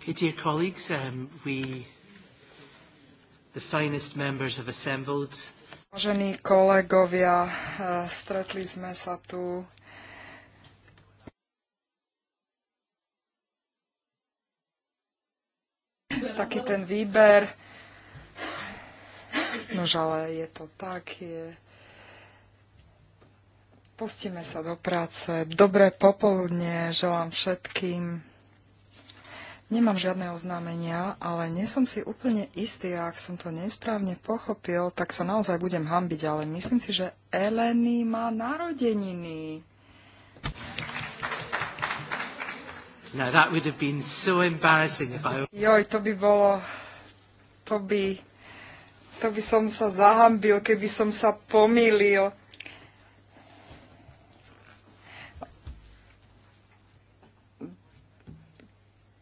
Okay, dear colleagues, um, we, the finest members have assembled. Vážení kolegovia, eh, stretli sme sa tu taký ten výber. No ale je to tak, je... Pustíme sa do práce. Dobré popoludne želám všetkým. Nemám žiadne oznámenia, ale nie som si úplne istý a ak som to nesprávne pochopil, tak sa naozaj budem hambiť, ale myslím si, že Eleny má narodeniny. No, that would have been so embarrassing if I... Joj, to by bolo... To by... To by som sa zahambil, keby som sa pomýlil.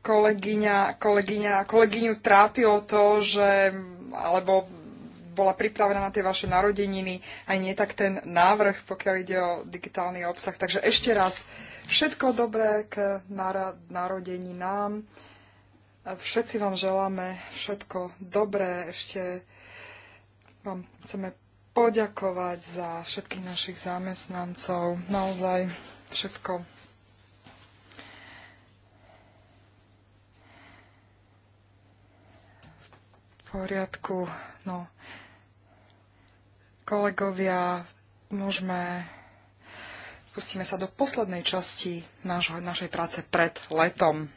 kolegyňa, kolegyňa, kolegyňu trápilo to, že alebo bola pripravená na tie vaše narodeniny, aj nie tak ten návrh, pokiaľ ide o digitálny obsah. Takže ešte raz všetko dobré k nám. Všetci vám želáme všetko dobré. Ešte vám chceme poďakovať za všetkých našich zamestnancov. Naozaj všetko poriadku. No, kolegovia, môžeme pustíme sa do poslednej časti nášho, našej práce pred letom.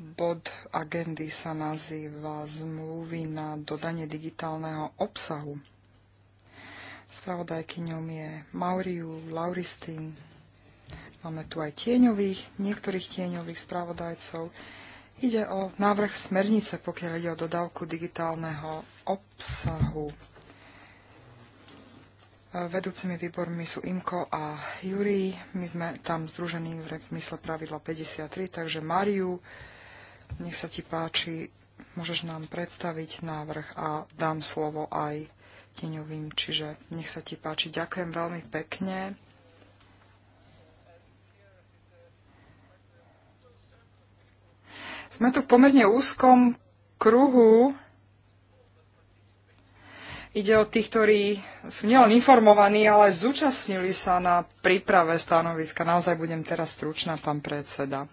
Bod agendy sa nazýva Zmluvy na dodanie digitálneho obsahu. Spravodajkyňom je Mauriu Lauristin. Máme tu aj tieňových, niektorých tieňových spravodajcov. Ide o návrh smernice, pokiaľ ide o dodávku digitálneho obsahu. Vedúcimi výbormi sú IMKO a Juri. My sme tam združení v zmysle pravidla 53, takže Mariu, nech sa ti páči, môžeš nám predstaviť návrh a dám slovo aj Teňovým, čiže nech sa ti páči. Ďakujem veľmi pekne. Sme tu v pomerne úzkom kruhu. Ide o tých, ktorí sú nielen informovaní, ale zúčastnili sa na príprave stanoviska. Naozaj budem teraz stručná, pán predseda.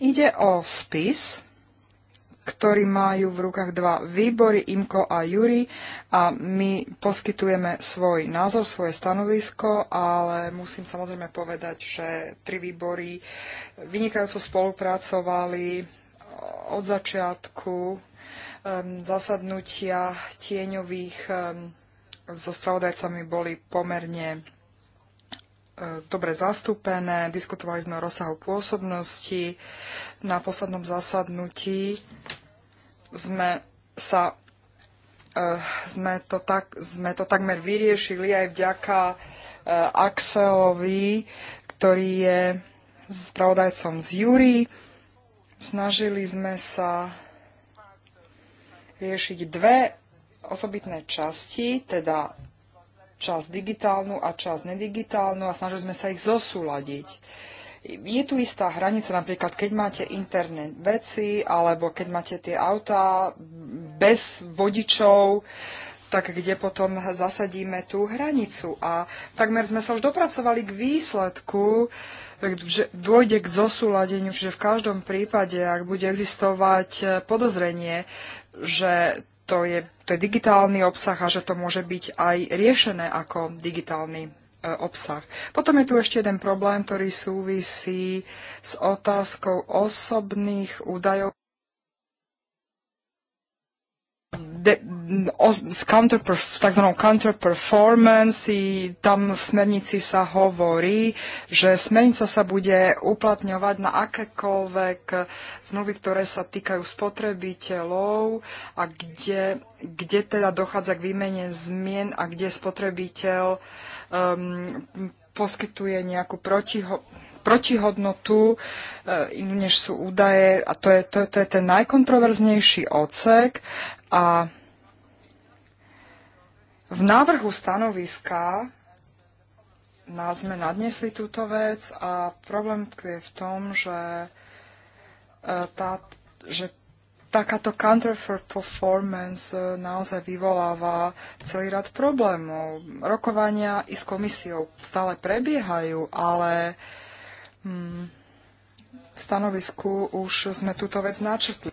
Ide o spis, ktorí majú v rukách dva výbory, IMKO a JURI a my poskytujeme svoj názor, svoje stanovisko, ale musím samozrejme povedať, že tri výbory vynikajúco spolupracovali e, od začiatku um, zasadnutia tieňových um, so spravodajcami boli pomerne dobre zastúpené, diskutovali sme o rozsahu pôsobnosti na poslednom zasadnutí sme sa eh, sme to, tak, sme to takmer vyriešili aj vďaka eh, Axelovi, ktorý je spravodajcom z Jury. Snažili sme sa riešiť dve osobitné časti, teda časť digitálnu a časť nedigitálnu a snažili sme sa ich zosúladiť je tu istá hranica, napríklad keď máte interné veci, alebo keď máte tie autá bez vodičov, tak kde potom zasadíme tú hranicu. A takmer sme sa už dopracovali k výsledku, že dôjde k zosúladeniu, že v každom prípade, ak bude existovať podozrenie, že to je, to je digitálny obsah a že to môže byť aj riešené ako digitálny E, obsah. Potom je tu ešte jeden problém, ktorý súvisí s otázkou osobných údajov de, o, counter, tzv. counterperformance i tam v smernici sa hovorí, že smernica sa bude uplatňovať na akékoľvek zmluvy, ktoré sa týkajú spotrebiteľov a kde, kde teda dochádza k výmene zmien a kde spotrebiteľ um, poskytuje nejakú protiho protihodnotu, uh, inú než sú údaje, a to je, to, to je ten najkontroverznejší odsek. A v návrhu stanoviska nás sme nadnesli túto vec a problém je v tom, že, e, tá, že takáto counter for performance e, naozaj vyvoláva celý rad problémov. Rokovania i s komisiou stále prebiehajú, ale mm, v stanovisku už sme túto vec načrtli.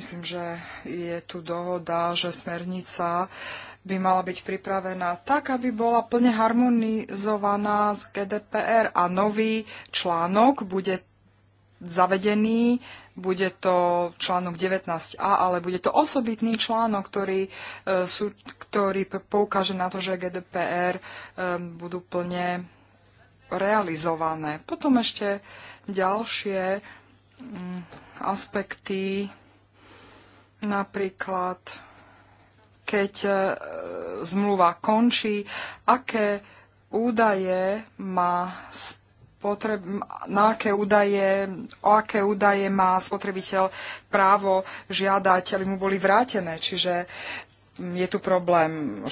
Myslím, že je tu dohoda, že smernica by mala byť pripravená tak, aby bola plne harmonizovaná s GDPR a nový článok bude zavedený, bude to článok 19a, ale bude to osobitný článok, ktorý, e, ktorý poukáže na to, že GDPR e, budú plne realizované. Potom ešte ďalšie mm, aspekty napríklad keď e, zmluva končí, aké údaje má spotreb, na aké údaje, o aké údaje má spotrebiteľ právo žiadať, aby mu boli vrátené. Čiže mm, je tu problém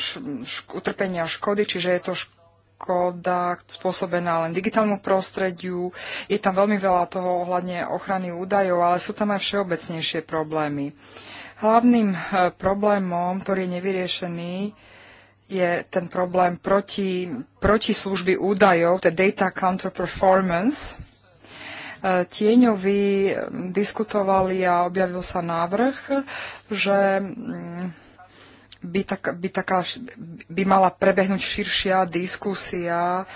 utrpenia škody, čiže je to škoda spôsobená len digitálnemu prostrediu. Je tam veľmi veľa toho ohľadne ochrany údajov, ale sú tam aj všeobecnejšie problémy. Uh, Hlavným eh, problémom, ktorý je nevyriešený, je ten problém proti, proti služby údajov, to data counter performance. Eh, Tieňovi mm, diskutovali a objavil sa návrh, že mm, by, tak, by, taká, by mala prebehnúť širšia diskusia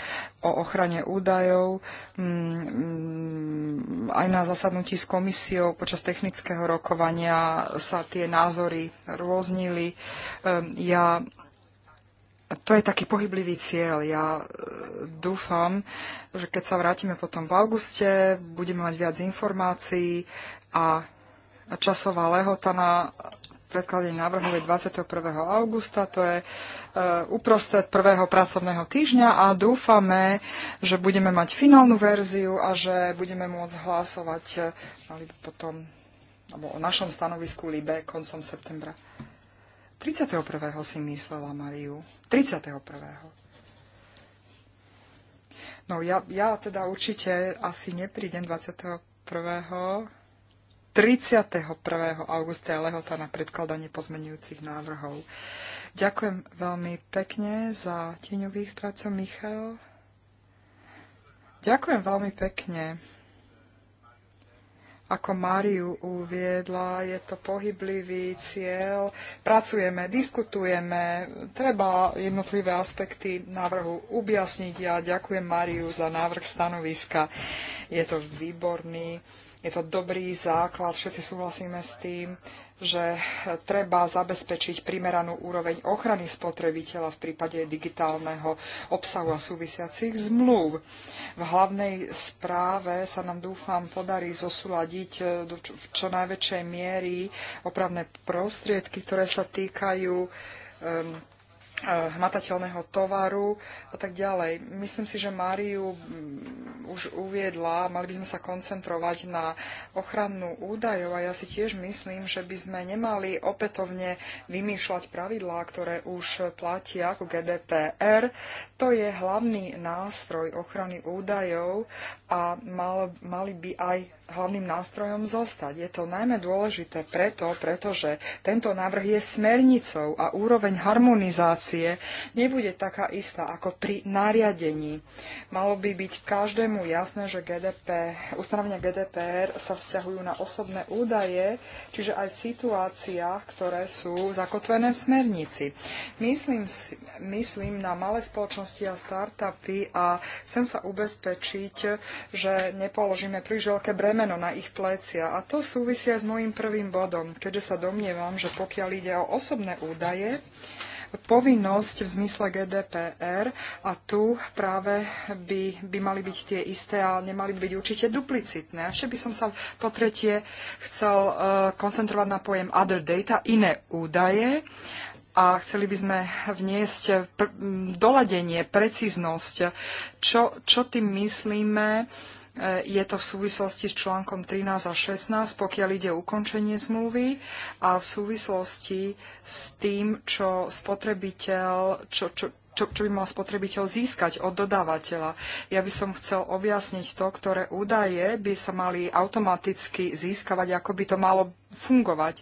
o ochrane údajov mm, mm, aj na zasadnutí s komisiou počas technického rokovania sa tie názory rôznili. Ehm, ja, to je taký pohyblivý cieľ. Ja e, dúfam, že keď sa vrátime potom v auguste, budeme mať viac informácií a časová lehota na Predkladanie návrhov je 21. augusta, to je eh, uprostred prvého pracovného týždňa a dúfame, že budeme mať finálnu verziu a že budeme môcť hlasovať eh, potom alebo o našom stanovisku Libe koncom septembra. 31. si myslela Mariu. 31. No ja, ja teda určite asi neprídem 21. 31. augusta je lehota na predkladanie pozmenujúcich návrhov. Ďakujem veľmi pekne za tieňových správcov Michal. Ďakujem veľmi pekne. Ako Máriu uviedla, je to pohyblivý cieľ. Pracujeme, diskutujeme, treba jednotlivé aspekty návrhu objasniť. Ja ďakujem Máriu za návrh stanoviska. Je to výborný je to dobrý základ, všetci súhlasíme s tým, že treba zabezpečiť primeranú úroveň ochrany spotrebiteľa v prípade digitálneho obsahu a súvisiacich zmluv. V hlavnej správe sa nám dúfam podarí zosúľadiť e, v čo najväčšej miery opravné prostriedky, ktoré sa týkajú um, hmatateľného tovaru a tak ďalej. Myslím si, že Máriu mm, už uviedla, mali by sme sa koncentrovať na ochrannú údajov a ja si tiež myslím, že by sme nemali opätovne vymýšľať pravidlá, ktoré už platia ako GDPR. To je hlavný nástroj ochrany údajov a mal, mali by aj hlavným nástrojom zostať. Je to najmä dôležité preto, pretože tento návrh je smernicou a úroveň harmonizácie nebude taká istá ako pri nariadení. Malo by byť každému jasné, že GDP, ustanovenia GDPR sa vzťahujú na osobné údaje, čiže aj v situáciách, ktoré sú zakotvené v smernici. Myslím, myslím na malé spoločnosti a startupy a chcem sa ubezpečiť, že nepoložíme príliš veľké breme bremeno na ich plecia. A to súvisia s môjim prvým bodom, keďže sa domnievam, že pokiaľ ide o osobné údaje, povinnosť v zmysle GDPR a tu práve by, by mali byť tie isté a nemali by byť určite duplicitné. Ešte by som sa po tretie chcel uh, koncentrovať na pojem other data, iné údaje a chceli by sme vniesť pr- doladenie, precíznosť, čo, čo tým myslíme E, je to v súvislosti s článkom 13 a 16, pokiaľ ide o ukončenie zmluvy a v súvislosti s tým, čo spotrebiteľ, čo, čo, čo, čo by mal spotrebiteľ získať od dodávateľa. Ja by som chcel objasniť to, ktoré údaje by sa mali automaticky získavať, ako by to malo fungovať.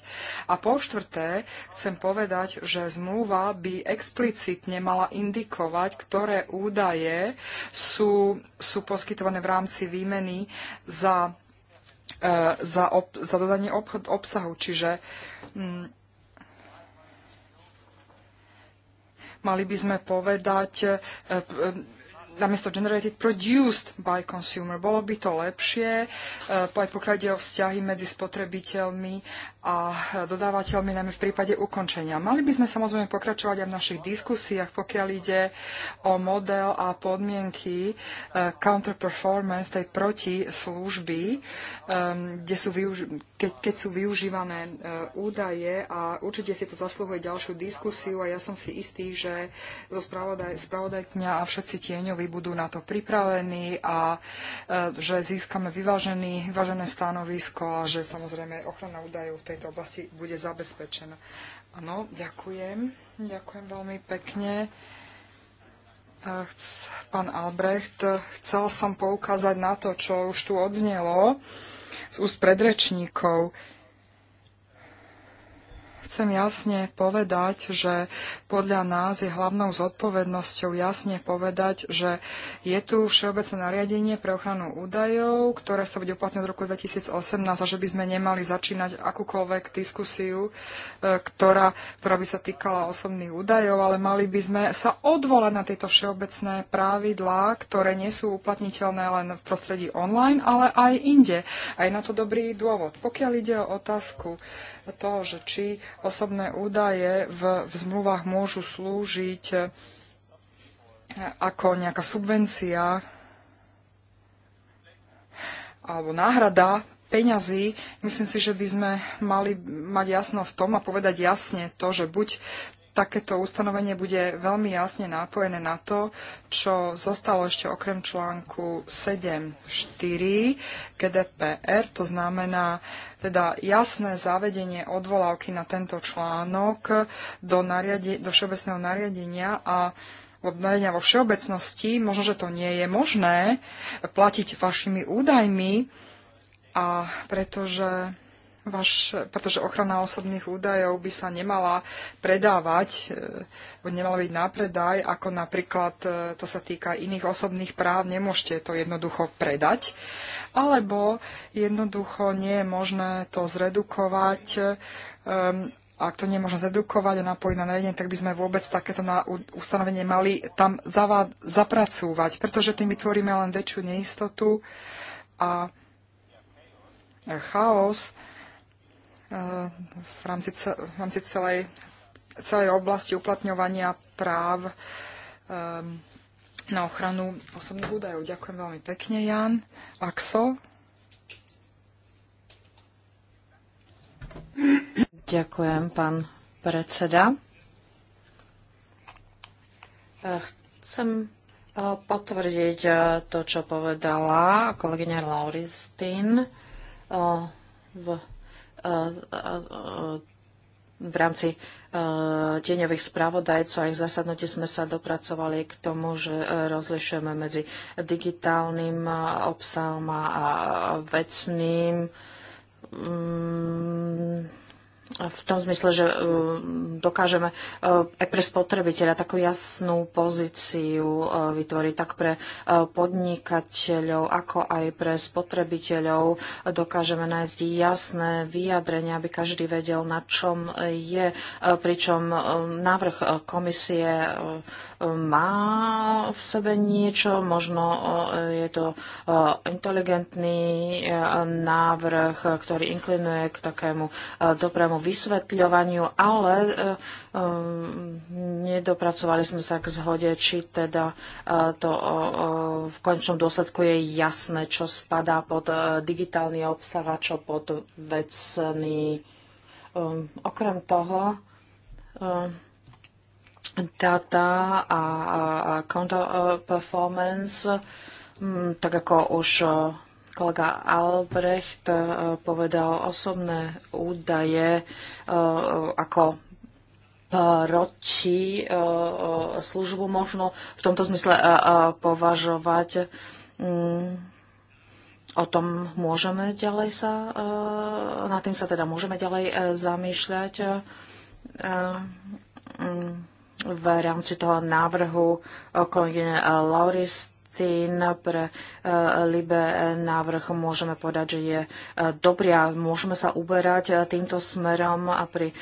A po štvrté, chcem povedať, že zmluva by explicitne mala indikovať, ktoré údaje sú, sú poskytované v rámci výmeny za, e, za, ob, za dodanie obsahu. Čiže mm, Mali by sme povedať e, e, namiesto generated produced by consumer. Bolo by to lepšie, aj e, pokiaľ ide o vzťahy medzi spotrebiteľmi a dodávateľmi, najmä v prípade ukončenia. Mali by sme samozrejme pokračovať aj v našich diskusiách, pokiaľ ide o model a podmienky eh, counterperformance tej protislužby, eh, kde sú keď, keď sú využívané eh, údaje a určite si to zaslúhuje ďalšiu diskusiu a ja som si istý, že spravodaj, spravodajkňa a všetci tieňovi budú na to pripravení a že získame vyvážený, vyvážené stanovisko a že samozrejme ochrana údajov tejto oblasti bude zabezpečená. Áno, ďakujem. Ďakujem veľmi pekne. Pán Albrecht, chcel som poukázať na to, čo už tu odznelo z úst predrečníkov. Chcem jasne povedať, že podľa nás je hlavnou zodpovednosťou jasne povedať, že je tu všeobecné nariadenie pre ochranu údajov, ktoré sa bude uplatňovať od roku 2018 a že by sme nemali začínať akúkoľvek diskusiu, e, ktorá, ktorá by sa týkala osobných údajov, ale mali by sme sa odvolať na tieto všeobecné pravidlá, ktoré nie sú uplatniteľné len v prostredí online, ale aj inde. A je na to dobrý dôvod. Pokiaľ ide o otázku toho, že či osobné údaje v, v zmluvách môžu slúžiť eh, ako nejaká subvencia alebo náhrada peňazí, myslím si, že by sme mali mať jasno v tom a povedať jasne to, že buď takéto ustanovenie bude veľmi jasne nápojené na to, čo zostalo ešte okrem článku 7.4 GDPR, to znamená teda jasné zavedenie odvolávky na tento článok do, nariade, do všeobecného nariadenia a od nariadenia vo všeobecnosti, možno, že to nie je možné platiť vašimi údajmi, a pretože Vaš, pretože ochrana osobných údajov by sa nemala predávať, e, nemala byť na predaj, ako napríklad e, to sa týka iných osobných práv, nemôžete to jednoducho predať, alebo jednoducho nie je možné to zredukovať. Um, ak to nie je zredukovať a napojiť na nariadenie, tak by sme vôbec takéto na ustanovenie mali tam zapracúvať, pretože tým vytvoríme len väčšiu neistotu a chaos v rámci, v rámci celej, celej oblasti uplatňovania práv ehm, na ochranu osobných údajov. Ďakujem veľmi pekne, Jan. Axel? Ďakujem, pán predseda. Eh, chcem eh, potvrdiť eh, to, čo povedala kolegyňa Lauristín v E, e, e, v rámci tieňových správodajcov a v zasadnutí sme sa dopracovali k tomu, že rozlišujeme medzi digitálnym obsahom a vecným mm, v tom zmysle, že um, dokážeme uh, aj pre spotrebiteľa takú jasnú pozíciu uh, vytvoriť, tak pre uh, podnikateľov, ako aj pre spotrebiteľov dokážeme nájsť jasné vyjadrenia, aby každý vedel, na čom je, pričom um, návrh komisie má v sebe niečo, možno eh, je to eh, inteligentný eh, návrh, ktorý inklinuje k takému dobrému vysvetľovaniu, ale nedopracovali sme sa k zhode, či teda to v končnom dôsledku je jasné, čo spadá pod digitálny obsah a čo pod vecný. Ehm, okrem toho, data a, counter uh, performance, mm, tak ako už uh, kolega Albrecht uh, povedal, osobné údaje ako proti službu možno v tomto zmysle považovať. Mm, o tom môžeme ďalej sa, na tým sa teda môžeme ďalej zamýšľať. Mm, v rámci toho návrhu eh, kolegyne eh, Lauristy pre eh, Libe návrh môžeme povedať, že je dobrý a môžeme sa uberať týmto smerom a pri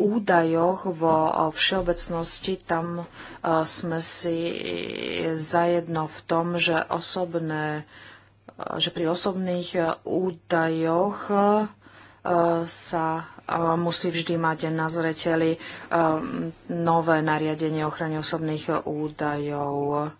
údajoch vo všeobecnosti, tam sme si zajedno v tom, že, osobné, že pri osobných údajoch sa musí vždy mať na zreteli um, nové nariadenie ochrany osobných údajov.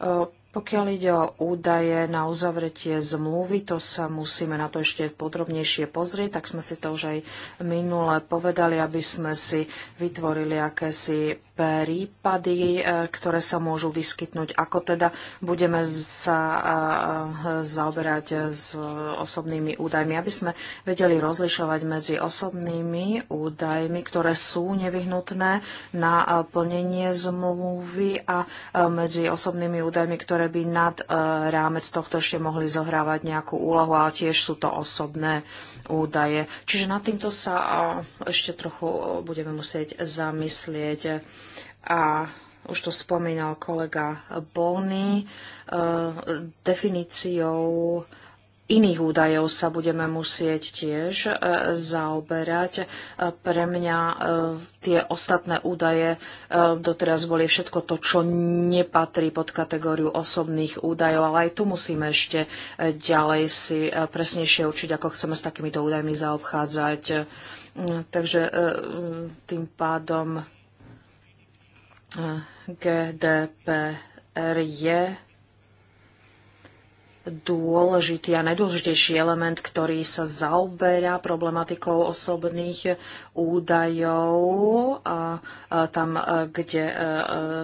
Uh, pokiaľ ide o údaje na uzavretie zmluvy, to sa musíme na to ešte podrobnejšie pozrieť, tak sme si to už aj minule povedali, aby sme si vytvorili akési prípady, e, ktoré sa môžu vyskytnúť. Ako teda budeme sa e, e, zaoberať s osobnými údajmi, aby sme vedeli rozlišovať medzi osobnými údajmi, ktoré sú nevyhnutné na plnenie zmluvy a medzi osobnými údajmi, ktoré by nad rámec tohto ešte mohli zohrávať nejakú úlohu, ale tiež sú to osobné údaje. Čiže nad týmto sa ešte trochu budeme musieť zamyslieť a už to spomínal kolega Bony, eh, definíciou iných údajov sa budeme musieť tiež eh, zaoberať. Eh, pre mňa tie ostatné údaje doteraz boli všetko to, čo nepatrí pod kategóriu osobných údajov, ale aj tu musíme ešte ďalej si presnejšie učiť, ako chceme s takýmito údajmi zaobchádzať. Mm, takže mm, tým pádom GDPR je dôležitý a najdôležitejší element, ktorý sa zaoberá problematikou osobných údajov. A tam, kde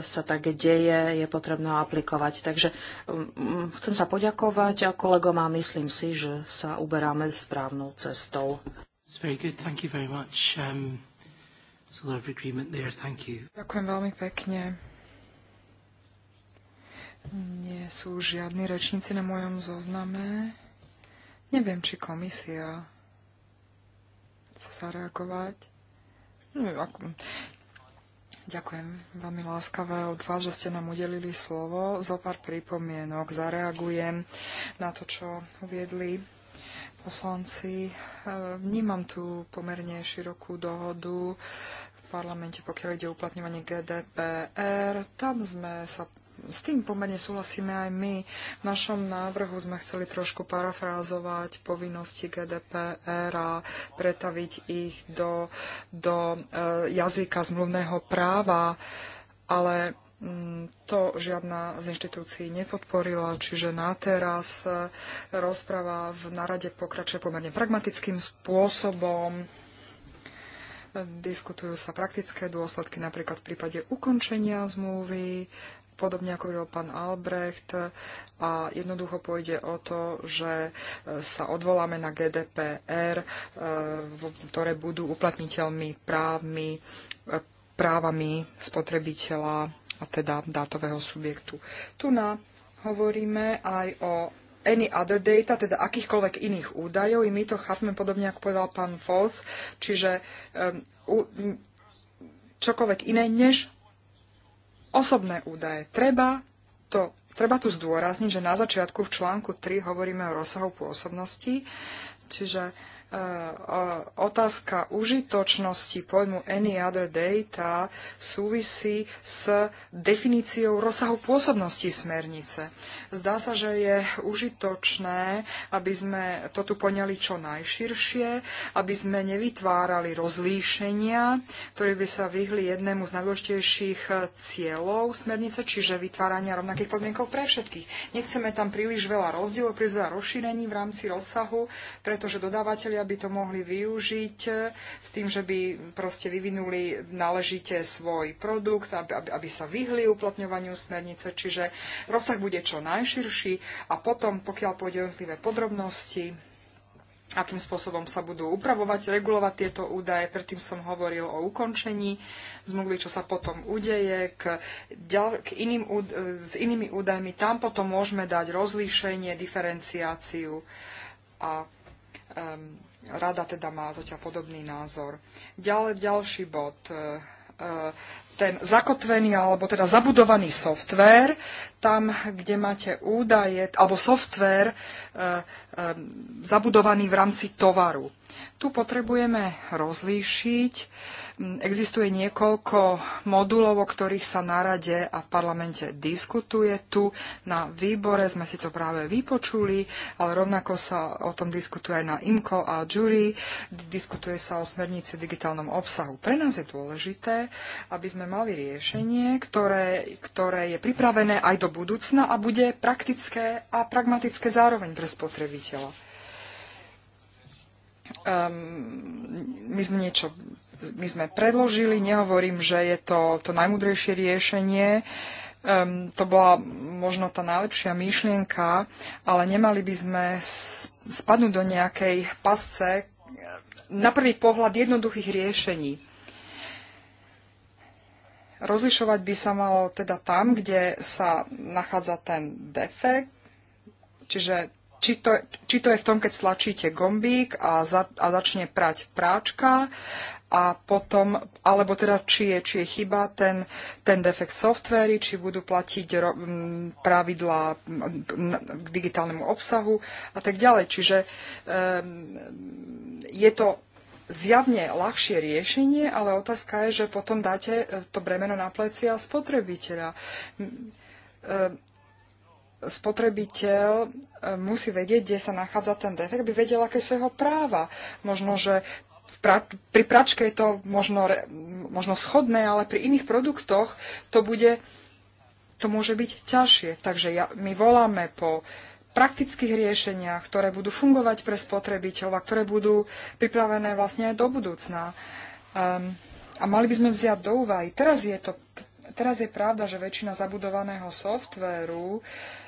sa tak deje, je potrebné aplikovať. Takže chcem sa poďakovať a kolegom a myslím si, že sa uberáme správnou cestou. Um there, Ďakujem veľmi pekne. Nie sú žiadni rečníci na mojom zozname. Neviem, či komisia chce zareagovať. Ďakujem veľmi láskavé od vás, že ste nám udelili slovo. Zo pár pripomienok zareagujem na to, čo uviedli poslanci. E, vnímam tu pomerne širokú dohodu v parlamente, pokiaľ ide o uplatňovanie GDPR. Tam sme sa s tým pomerne súhlasíme aj my. V našom návrhu sme chceli trošku parafrázovať povinnosti GDPR a pretaviť ich do, do e, jazyka zmluvného práva, ale Mm, to žiadna z inštitúcií nepodporila, čiže na teraz e, rozpráva v narade pokračuje pomerne pragmatickým spôsobom. E, diskutujú sa praktické dôsledky, napríklad v prípade ukončenia zmluvy, podobne ako hovoril pán Albrecht. E, a jednoducho pôjde o to, že sa odvoláme na GDPR, ktoré budú uplatniteľmi právmi právami spotrebiteľa a teda dátového subjektu. Tu na hovoríme aj o any other data, teda akýchkoľvek iných údajov. I my to chápeme podobne, ako povedal pán Foss, čiže um, čokoľvek iné než osobné údaje. Treba, to, treba tu zdôrazniť, že na začiatku v článku 3 hovoríme o rozsahu pôsobnosti, čiže E, otázka užitočnosti pojmu any other data súvisí s definíciou rozsahu pôsobnosti smernice. Zdá sa, že je užitočné, aby sme to tu poňali čo najširšie, aby sme nevytvárali rozlíšenia, ktoré by sa vyhli jednému z najdôležitejších cieľov smernice, čiže vytvárania rovnakých podmienkov pre všetkých. Nechceme tam príliš veľa rozdielov, príliš veľa rozšírení v rámci rozsahu, pretože dodávateľ Ľudia by to mohli využiť e, s tým, že by proste vyvinuli náležite svoj produkt, aby, aby sa vyhli uplatňovaniu smernice, čiže rozsah bude čo najširší a potom, pokiaľ pôjde jednotlivé podrobnosti, akým spôsobom sa budú upravovať, regulovať tieto údaje. Predtým som hovoril o ukončení zmluvy, čo sa potom udeje. K, ďal, k iným, e, s inými údajmi tam potom môžeme dať rozlíšenie, diferenciáciu a um, Rada teda má zatiaľ podobný názor. Ďalej, ďalší bod. E, e, ten zakotvený alebo teda zabudovaný software, tam, kde máte údaje, alebo software e, zabudovaný v rámci tovaru. Tu potrebujeme rozlíšiť Mm, existuje niekoľko modulov, o ktorých sa na rade a v parlamente diskutuje. Tu na výbore sme si to práve vypočuli, ale rovnako sa o tom diskutuje aj na IMCO a jury. Diskutuje sa o smernici o digitálnom obsahu. Pre nás je dôležité, aby sme mali riešenie, ktoré, ktoré je pripravené aj do budúcna a bude praktické a pragmatické zároveň pre spotrebiteľa. Um, my sme niečo my sme predložili, nehovorím, že je to to najmudrejšie riešenie, um, to bola možno tá najlepšia myšlienka, ale nemali by sme spadnúť do nejakej pasce ehm, na prvý pohľad jednoduchých riešení. Rozlišovať by sa malo teda tam, kde sa nachádza ten defekt, čiže či to, či to je v tom, keď stlačíte gombík a, za, a začne prať práčka a potom, alebo teda či je, či je chyba ten, ten defekt softvery, či budú platiť ro, m, pravidlá k digitálnemu obsahu a tak ďalej. Čiže um, je to zjavne ľahšie riešenie, ale otázka je, že potom dáte e, to bremeno na plecia spotrebiteľa. Um, spotrebiteľ e, musí vedieť, kde sa nachádza ten defekt, aby vedel, aké sú jeho práva. Možno, že pra- pri pračke je to možno, možno schodné, ale pri iných produktoch to bude to môže byť ťažšie. Takže ja, my voláme po praktických riešeniach, ktoré budú fungovať pre spotrebiteľov a ktoré budú pripravené vlastne aj do budúcna. Um, a mali by sme vziať do úvahy. Teraz je, to, teraz je pravda, že väčšina zabudovaného softvéru uh,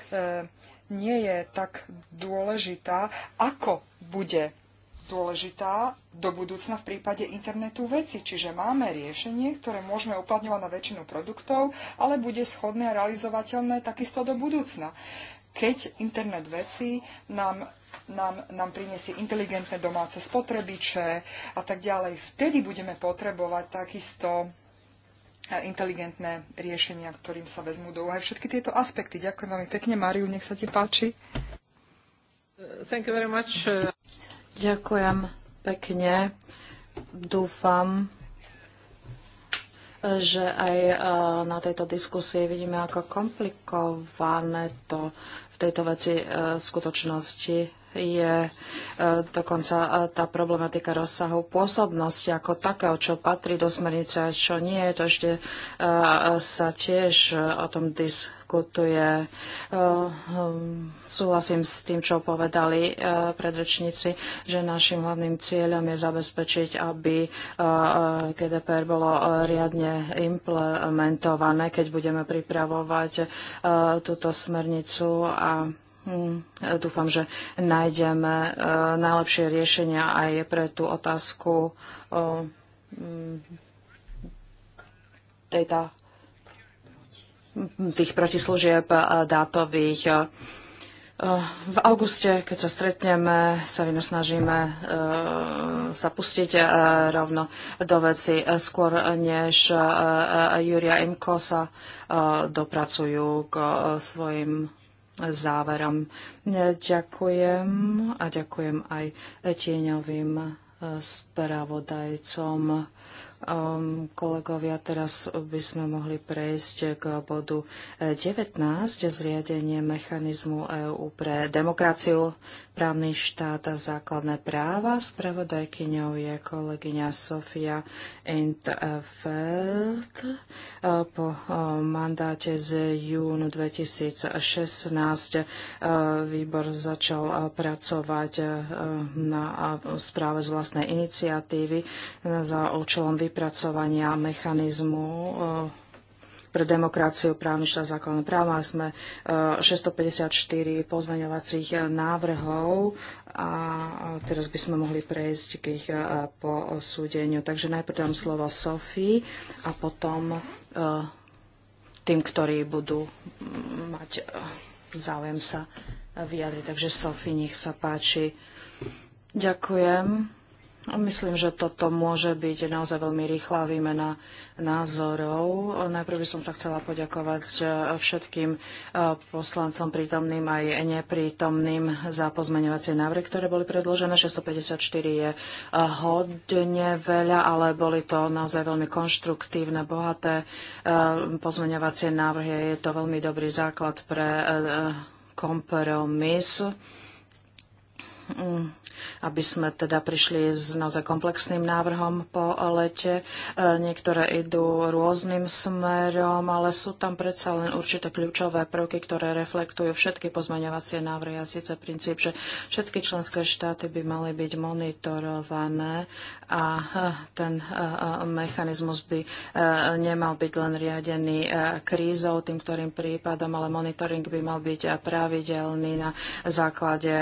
E, nie je tak dôležitá, ako bude dôležitá do budúcna v prípade internetu veci. Čiže máme riešenie, ktoré môžeme uplatňovať na väčšinu produktov, ale bude schodné a realizovateľné takisto do budúcna. Keď internet veci nám nám, nám priniesie inteligentné domáce spotrebiče a tak ďalej. Vtedy budeme potrebovať takisto inteligentné riešenia, ktorým sa vezmú do úvahy všetky tieto aspekty. Ďakujem veľmi pekne. Mariu, nech sa ti páči. Thank you very much. Ďakujem pekne. Dúfam, že aj eh, na tejto diskusii vidíme, ako komplikované to v tejto veci v eh, skutočnosti je e, dokonca e, tá problematika rozsahu pôsobnosti ako takého, čo patrí do smernice a čo nie. To ešte e, sa tiež o tom diskutuje. Hm, súhlasím s tým, čo povedali predrečníci, že našim hlavným cieľom je zabezpečiť, aby GDPR bolo riadne implementované, keď budeme pripravovať túto smernicu a Hm, dúfam, že nájdeme eh, najlepšie riešenia aj pre tú otázku hm, tejto, hm, tých protislužieb eh, dátových. Eh, v auguste, keď sa stretneme, sa vynasnažíme sa pustiť rovno do veci skôr, než Júria Imko sa dopracujú k svojim záverom. Ďakujem a ďakujem aj tieňovým eh, spravodajcom. Ehm, kolegovia, teraz by sme mohli prejsť k bodu 19, eh, zriadenie mechanizmu EÚ pre demokraciu právny štát a základné práva. Spravodajkyňou je kolegyňa Sofia Entfeld. E, po e, mandáte z júnu 2016 e, výbor začal pracovať na správe z vlastnej iniciatívy za účelom vypracovania mechanizmu pre demokraciu, právny štát, základné práva. Sme 654 eh, pozmeňovacích eh, návrhov a eh, teraz by sme mohli prejsť k ich posúdeniu. Takže najprv dám slovo Sofii a potom tým, ktorí budú mm, mať záujem sa vyjadriť. Takže Sofii, nech sa páči. Ďakujem. Myslím, že toto môže byť naozaj veľmi rýchla výmena názorov. Najprv by som sa chcela poďakovať eh, všetkým eh, poslancom prítomným aj neprítomným za pozmeňovacie návrhy, ktoré boli predložené. 654 je eh, hodne veľa, ale boli to naozaj veľmi konštruktívne, bohaté pozmeňovacie návrhy. Je to veľmi dobrý základ pre kompromis mm aby sme teda prišli s naozaj komplexným návrhom po lete. E, niektoré idú rôznym smerom, ale sú tam predsa len určité kľúčové prvky, ktoré reflektujú všetky pozmeňovacie návrhy a síce princíp, že všetky členské štáty by mali byť monitorované a e, ten e, mechanizmus by nemal byť len riadený krízou, tým ktorým prípadom, ale monitoring by mal byť pravidelný na základe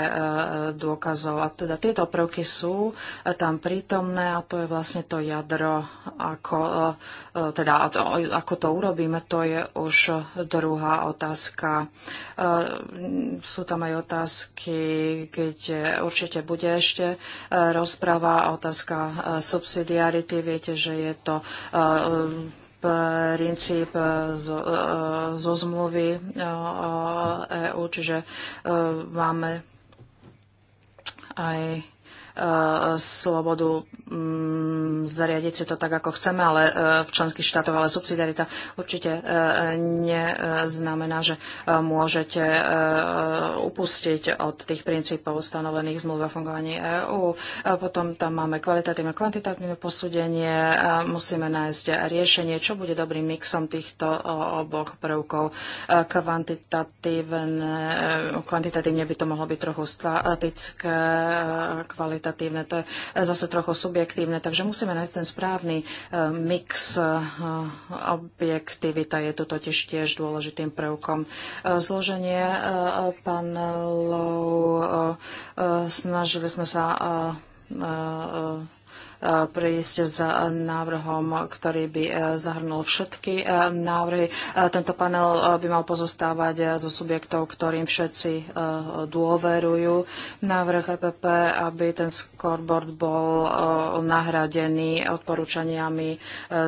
dôkazov. A teda tieto prvky sú eh, tam prítomné a to je vlastne to jadro, ako, eh, eh, teda, ako to urobíme, to je už druhá otázka. Sú tam aj otázky, kde určite bude ešte rozpráva, otázka subsidiarity, viete, že je to princíp zo, zo zmluvy EU, čiže máme aj slobodu mm, zariadiť si to tak, ako chceme, ale e, v členských štátoch, ale subsidiarita určite e, neznamená, že e, môžete upustiť od tých princípov stanovených v zmluve o fungovaní EÚ. Potom tam máme kvalitatívne a kvantitatívne posúdenie. Musíme nájsť riešenie, čo bude dobrým mixom týchto oboch prvkov. Kvantitatívne, kvantitatívne by to mohlo byť trochu statické, kvalitatívne kvalitatívne, to je zase trochu subjektívne, takže musíme nájsť ten správny e, mix. E, objektivita je tu totiž tiež dôležitým prvkom. E, zloženie panelov, snažili sme sa prísť s návrhom, ktorý by eh, zahrnul všetky eh, návrhy. Eh, tento panel by mal pozostávať zo subjektov, ktorým všetci dôverujú. Návrh EPP, aby ten scoreboard bol nahradený odporúčaniami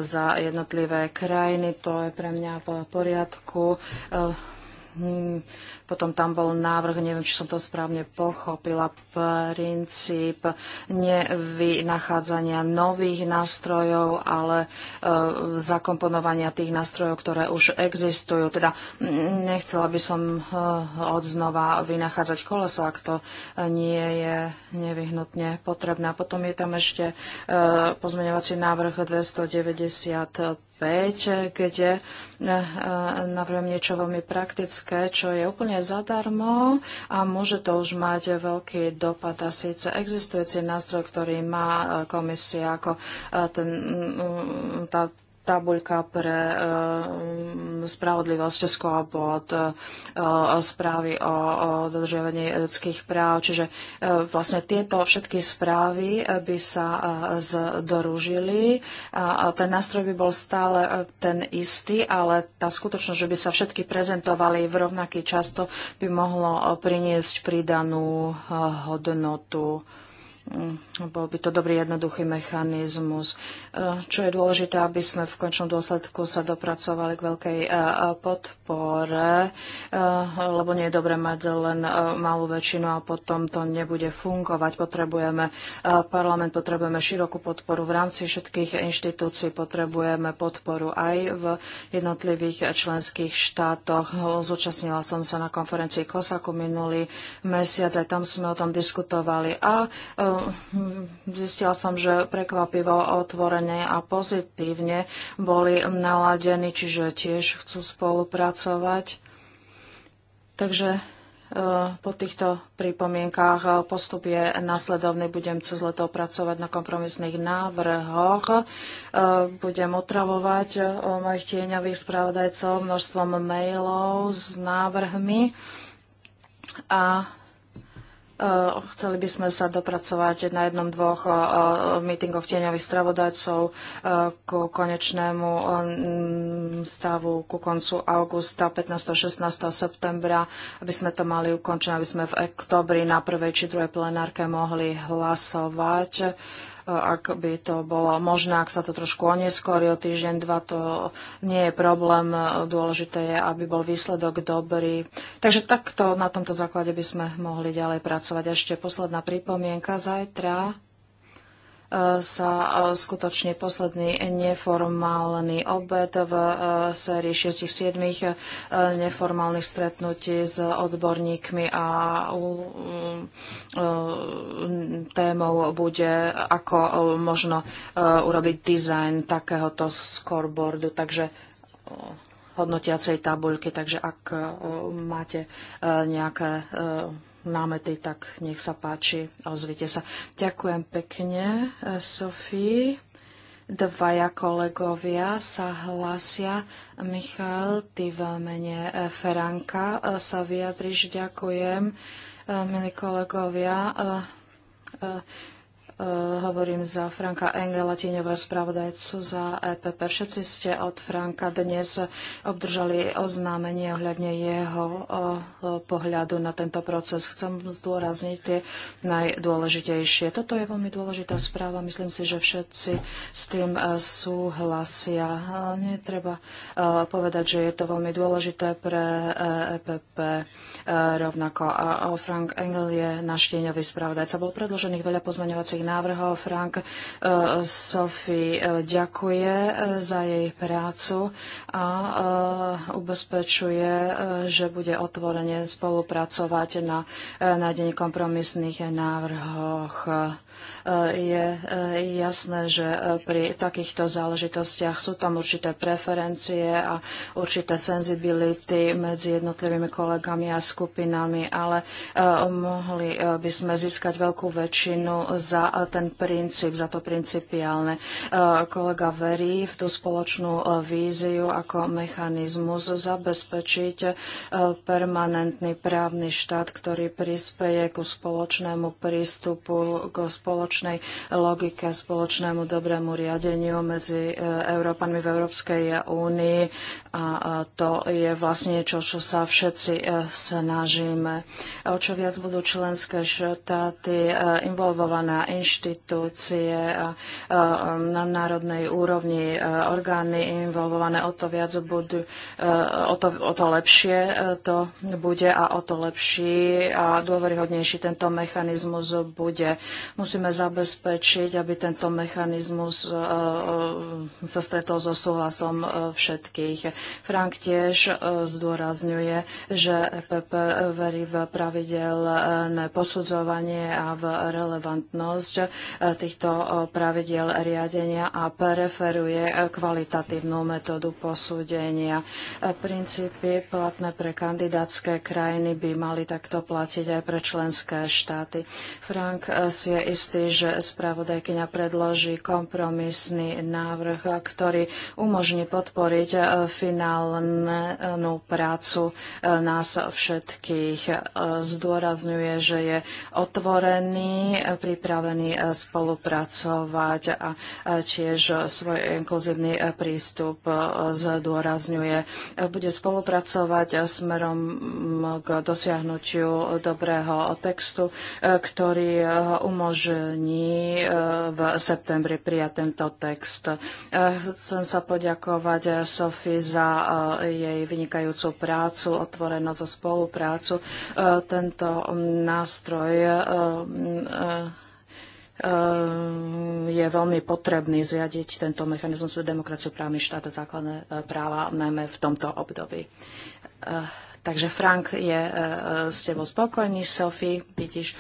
za jednotlivé krajiny. To je pre mňa v poriadku hm, potom tam bol návrh, neviem, či som to správne pochopila, princíp nevynachádzania nových nástrojov, ale e, zakomponovania tých nástrojov, ktoré už existujú. Teda nechcela by som e, odznova vynachádzať koleso, ak to nie je nevyhnutne potrebné. A potom je tam ešte e, pozmeňovací návrh 295 5, kde eh, eh, navrhujem niečo veľmi praktické, čo je úplne zadarmo a môže to už mať veľký dopad. A síce existujúci nástroj, ktorý má eh, komisia ako ten, mm, mm, tá tabuľka pre eh, spravodlivosť skôbod, eh, správy o dodržiavaní ľudských práv. Čiže eh, vlastne tieto všetky správy by sa zdorúžili a ten nástroj by bol stále ten istý, ale tá skutočnosť, že by sa všetky prezentovali v rovnaký často, by mohlo priniesť pridanú hodnotu. Mm, bol by to dobrý jednoduchý mechanizmus. Eh, čo je dôležité, aby sme v končnom dôsledku sa dopracovali k veľkej eh, podpore, eh, lebo nie je dobré mať len malú väčšinu a potom to nebude fungovať. Potrebujeme parlament, potrebujeme širokú podporu v rámci všetkých inštitúcií, potrebujeme podporu aj v jednotlivých členských štátoch. Zúčastnila som sa na konferencii Kosaku minulý mesiac, aj tam sme o tom diskutovali a Zistila som, že prekvapivo otvorene a pozitívne boli naladení, čiže tiež chcú spolupracovať. Takže e, po týchto pripomienkách e, postup je nasledovný. Budem cez leto pracovať na kompromisných návrhoch. E, budem otravovať o mojich tieňových spravodajcov množstvom mailov s návrhmi. A Eh, chceli by sme sa dopracovať na jednom, dvoch eh, eh, mítingoch tieňových stravodajcov ku konečnému stavu, ku koncu augusta, 15. 16. septembra, aby sme to mali ukončené, aby sme v oktobri na prvej či druhej plenárke mohli hlasovať ak by to bolo možné, ak sa to trošku oneskorí o týždeň, dva, to nie je problém. Dôležité je, aby bol výsledok dobrý. Takže takto na tomto základe by sme mohli ďalej pracovať. Ešte posledná pripomienka. Zajtra sa e, skutočne posledný neformálny obed v e, sérii 6-7 e, neformálnych stretnutí s odborníkmi a témou bude, ako možno urobiť dizajn takéhoto scoreboardu. Takže hodnotiacej tabuľky, takže ak máte nejaké námety, tak nech sa páči, ozvite sa. Ďakujem pekne, eh, Sofii. Dvaja kolegovia sa hlásia. Michal, ty v mene eh, Feranka eh, sa vyjadriš. Ďakujem, milí kolegovia Eh, hovorím za Franka Engela, tieňového spravodajcu za EPP. Všetci ste od Franka dnes obdržali oznámenie ohľadne jeho eh, pohľadu na tento proces. Chcem zdôrazniť tie najdôležitejšie. Toto je veľmi dôležitá správa. Myslím si, že všetci s tým eh, súhlasia. Netreba povedať, že je to veľmi dôležité pre EPP e rovnako. A Frank Engel je náš tieňový spravodajca. Bol predložených veľa pozmeňovacích návrhov. Frank e, Sofi e, ďakuje e, za jej prácu a ubezpečuje, že bude otvorene spolupracovať na, na deň kompromisných návrhoch. Eh, je eh, jasné, že eh, pri takýchto záležitostiach sú tam určité preferencie a určité senzibility medzi jednotlivými kolegami a skupinami, ale mohli by sme získať veľkú väčšinu za ten princíp, za to principiálne. Kolega verí v tú spoločnú víziu ako mechanizmus zabezpečiť permanentný právny štát, ktorý prispieje ku spoločnému prístupu k spoločnému spoločnej logike, spoločnému dobrému riadeniu medzi e, Európanmi v Európskej únii a to je vlastne niečo, čo sa všetci e, snažíme. O čo viac budú členské štáty e, involvované inštitúcie na národnej úrovni, orgány involvované, o to viac budú, o to, o to lepšie to bude a o to lepší a dôveryhodnejší tento mechanizmus bude. Musíme musíme zabezpečiť, aby tento mechanizmus e, e, sa stretol so súhlasom e, všetkých. Frank tiež zdôrazňuje, že EPP verí v pravidelné posudzovanie a v relevantnosť týchto pravidel riadenia a preferuje kvalitatívnu metódu posúdenia. Princípy platné pre kandidátske krajiny by mali takto platiť aj pre členské štáty. Frank si je istý, istý, že spravodajkyňa predloží kompromisný návrh, ktorý umožní podporiť e, finálnu prácu e, nás všetkých. E, zdôrazňuje, že je otvorený, pripravený spolupracovať a tiež svoj inkluzívny prístup zdôrazňuje. Bude spolupracovať smerom k dosiahnutiu dobrého textu, ktorý umožní dní eh, v septembri prijať tento text. Eh, chcem sa poďakovať eh, Sofii za jej vynikajúcu prácu, otvorenosť a spoluprácu. Tento nástroj je veľmi potrebný zriadiť tento mechanizmus pre demokraciu, právny štát a základné práva, najmä v tomto období. Takže Frank je s tebou spokojný, Sophie, vidíš.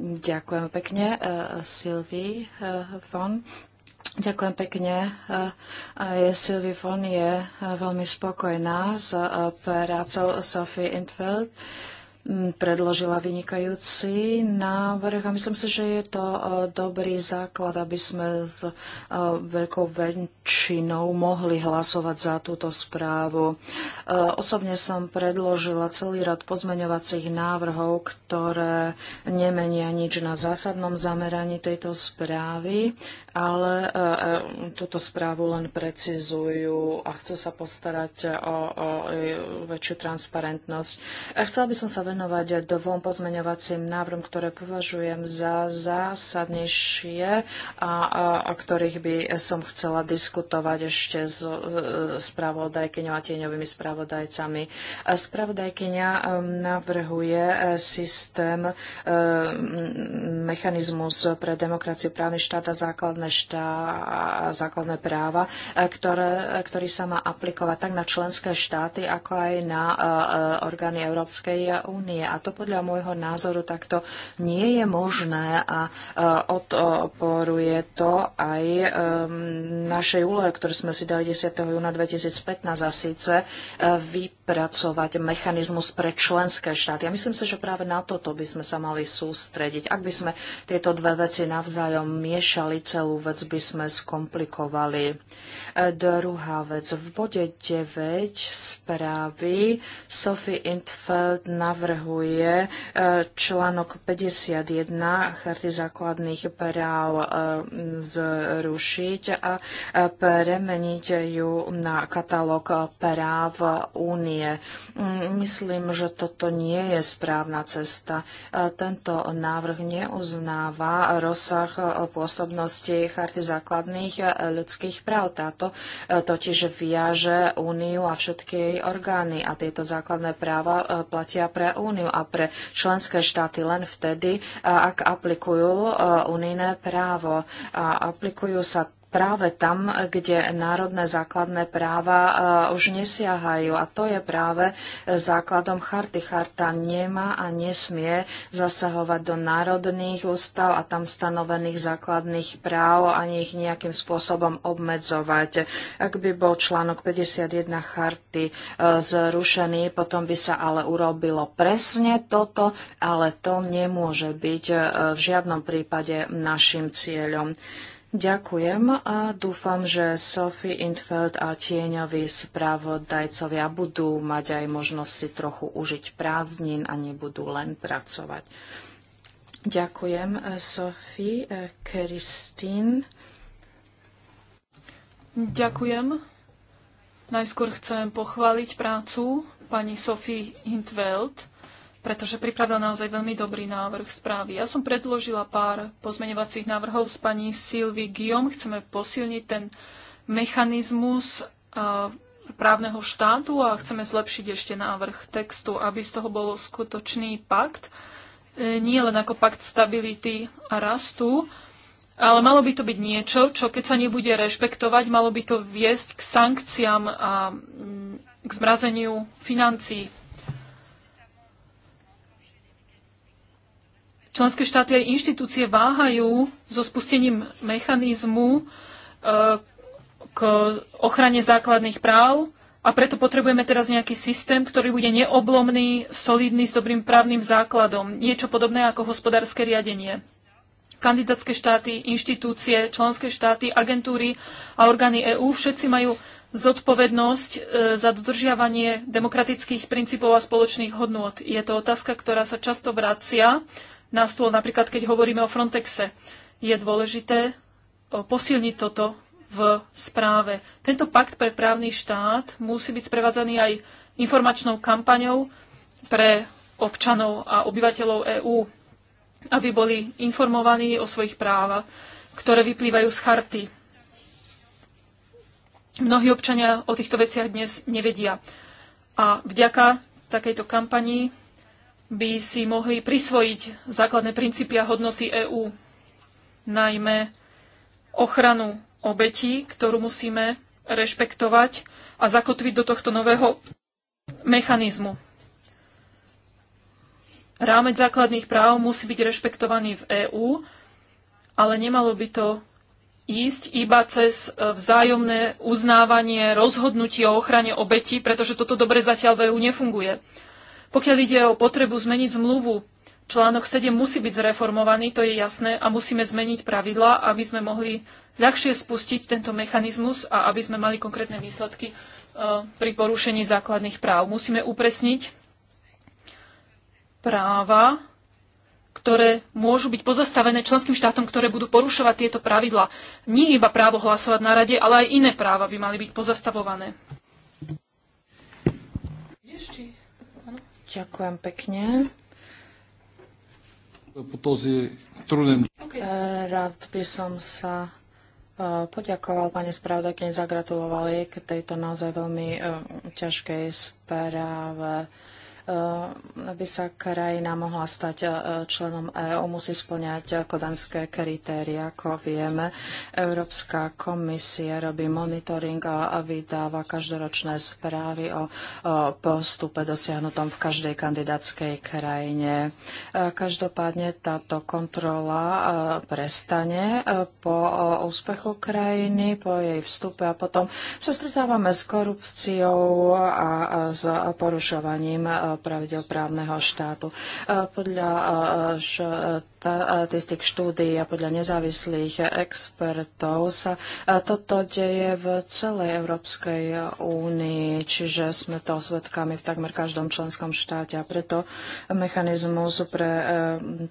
Ďakujem pekne, uh, eh, Silvi eh, von. Ďakujem pekne. Eh, Sylvie von je veľmi spokojná s prácou Sophie Intfeld predložila vynikajúci návrh a myslím si, že je to e, dobrý základ, aby sme s e, veľkou väčšinou mohli hlasovať za túto správu. E, osobne som predložila celý rad pozmeňovacích návrhov, ktoré nemenia nič na zásadnom zameraní tejto správy, ale túto správu len precizujú a chcú sa postarať o, o väčšiu transparentnosť. Chcela by som sa venovať dvom pozmeňovacím návrhom, ktoré považujem za zásadnejšie a, a, a ktorých by som chcela diskutovať ešte s e, spravodajkyňou a tieňovými spravodajcami. Spravodajkyňa e, navrhuje e, systém mechanizmus pre demokraciu, právny štát a základné, štá, základné práva, ktoré, ktorý sa má aplikovať tak na členské štáty, ako aj na orgány Európskej únie únie. A to podľa môjho názoru takto nie je možné a e, odporuje to aj e, našej úlohe, ktorú sme si dali 10. júna 2015 a síce e, vypracovať mechanizmus pre členské štáty. Ja myslím si, že práve na toto by sme sa mali sústrediť. Ak by sme tieto dve veci navzájom miešali, celú vec by sme skomplikovali. Druhá vec. V bode 9 správy Sophie Intfeld navrhuje navrhuje e, článok 51 Charty základných práv e, zrušiť a e, premeniť ju na katalóg práv únie. Mm, myslím, že toto nie je správna cesta. Tento návrh neuznáva rozsah pôsobnosti Charty základných ľudských práv. Táto totiž viaže úniu a všetky jej orgány a tieto základné práva platia pre úniu a pre členské štáty len vtedy, ak aplikujú e, unijné právo. A aplikujú sa práve tam, kde národné základné práva e, už nesiahajú. A to je práve základom charty. Charta nemá a nesmie zasahovať do národných ústav a tam stanovených základných práv ani ich nejakým spôsobom obmedzovať. Ak by bol článok 51 charty e, zrušený, potom by sa ale urobilo presne toto, ale to nemôže byť e, v žiadnom prípade našim cieľom. Ďakujem a dúfam, že Sophie Intfeld a tieňoví spravodajcovia budú mať aj možnosť si trochu užiť prázdnin a nebudú len pracovať. Ďakujem, Sophie. Kristín. Ďakujem. Najskôr chcem pochváliť prácu pani Sophie Intveld pretože pripravil naozaj veľmi dobrý návrh správy. Ja som predložila pár pozmeňovacích návrhov s pani Silvi Guillaume. Chceme posilniť ten mechanizmus právneho štátu a chceme zlepšiť ešte návrh textu, aby z toho bol skutočný pakt, e, nie len ako pakt stability a rastu, ale malo by to byť niečo, čo keď sa nebude rešpektovať, malo by to viesť k sankciám a k zmrazeniu financií. členské štáty aj inštitúcie váhajú so spustením mechanizmu e, k ochrane základných práv a preto potrebujeme teraz nejaký systém, ktorý bude neoblomný, solidný, s dobrým právnym základom. Niečo podobné ako hospodárske riadenie. Kandidátske štáty, inštitúcie, členské štáty, agentúry a orgány EÚ všetci majú zodpovednosť e, za dodržiavanie demokratických princípov a spoločných hodnôt. Je to otázka, ktorá sa často vracia na stôl, napríklad keď hovoríme o Frontexe. Je dôležité eh, posilniť toto v správe. Tento pakt pre právny štát musí byť sprevádzaný aj informačnou kampaňou pre občanov a obyvateľov EÚ, aby boli informovaní o svojich právach, ktoré vyplývajú z charty. Mnohí občania o týchto veciach dnes nevedia. A vďaka takejto kampanii by si mohli prisvojiť základné princípy a hodnoty EÚ, najmä ochranu obetí, ktorú musíme rešpektovať a zakotviť do tohto nového mechanizmu. Rámec základných práv musí byť rešpektovaný v EÚ, ale nemalo by to ísť iba cez e, vzájomné uznávanie rozhodnutí o ochrane obetí, pretože toto dobre zatiaľ v EÚ nefunguje. Pokiaľ ide o potrebu zmeniť zmluvu, článok 7 musí byť zreformovaný, to je jasné, a musíme zmeniť pravidlá, aby sme mohli ľahšie spustiť tento mechanizmus a aby sme mali konkrétne výsledky e, pri porušení základných práv. Musíme upresniť práva, ktoré môžu byť pozastavené členským štátom, ktoré budú porušovať tieto pravidla. Nie iba právo hlasovať na rade, ale aj iné práva by mali byť pozastavované. Ešte. Ďakujem pekne. Rád by som sa poďakoval pani spravodajkyni, zagratuloval jej k tejto naozaj veľmi e, ťažkej správe. Eh, aby sa krajina mohla stať eh, členom EÚ, musí splňať eh, kodanské kritéria. Ako vieme, Európska komisia robí monitoring a vydáva každoročné správy o postupe dosiahnutom v každej kandidátskej krajine. Každopádne táto kontrola prestane po úspechu krajiny, po jej vstupe a potom sa stretávame s korupciou a s porušovaním pravidel právneho štátu. E, podľa statistik e, e, štúdií a podľa nezávislých expertov sa toto deje v celej Európskej únii, čiže sme to svedkami v takmer každom členskom štáte a preto mechanizmus pre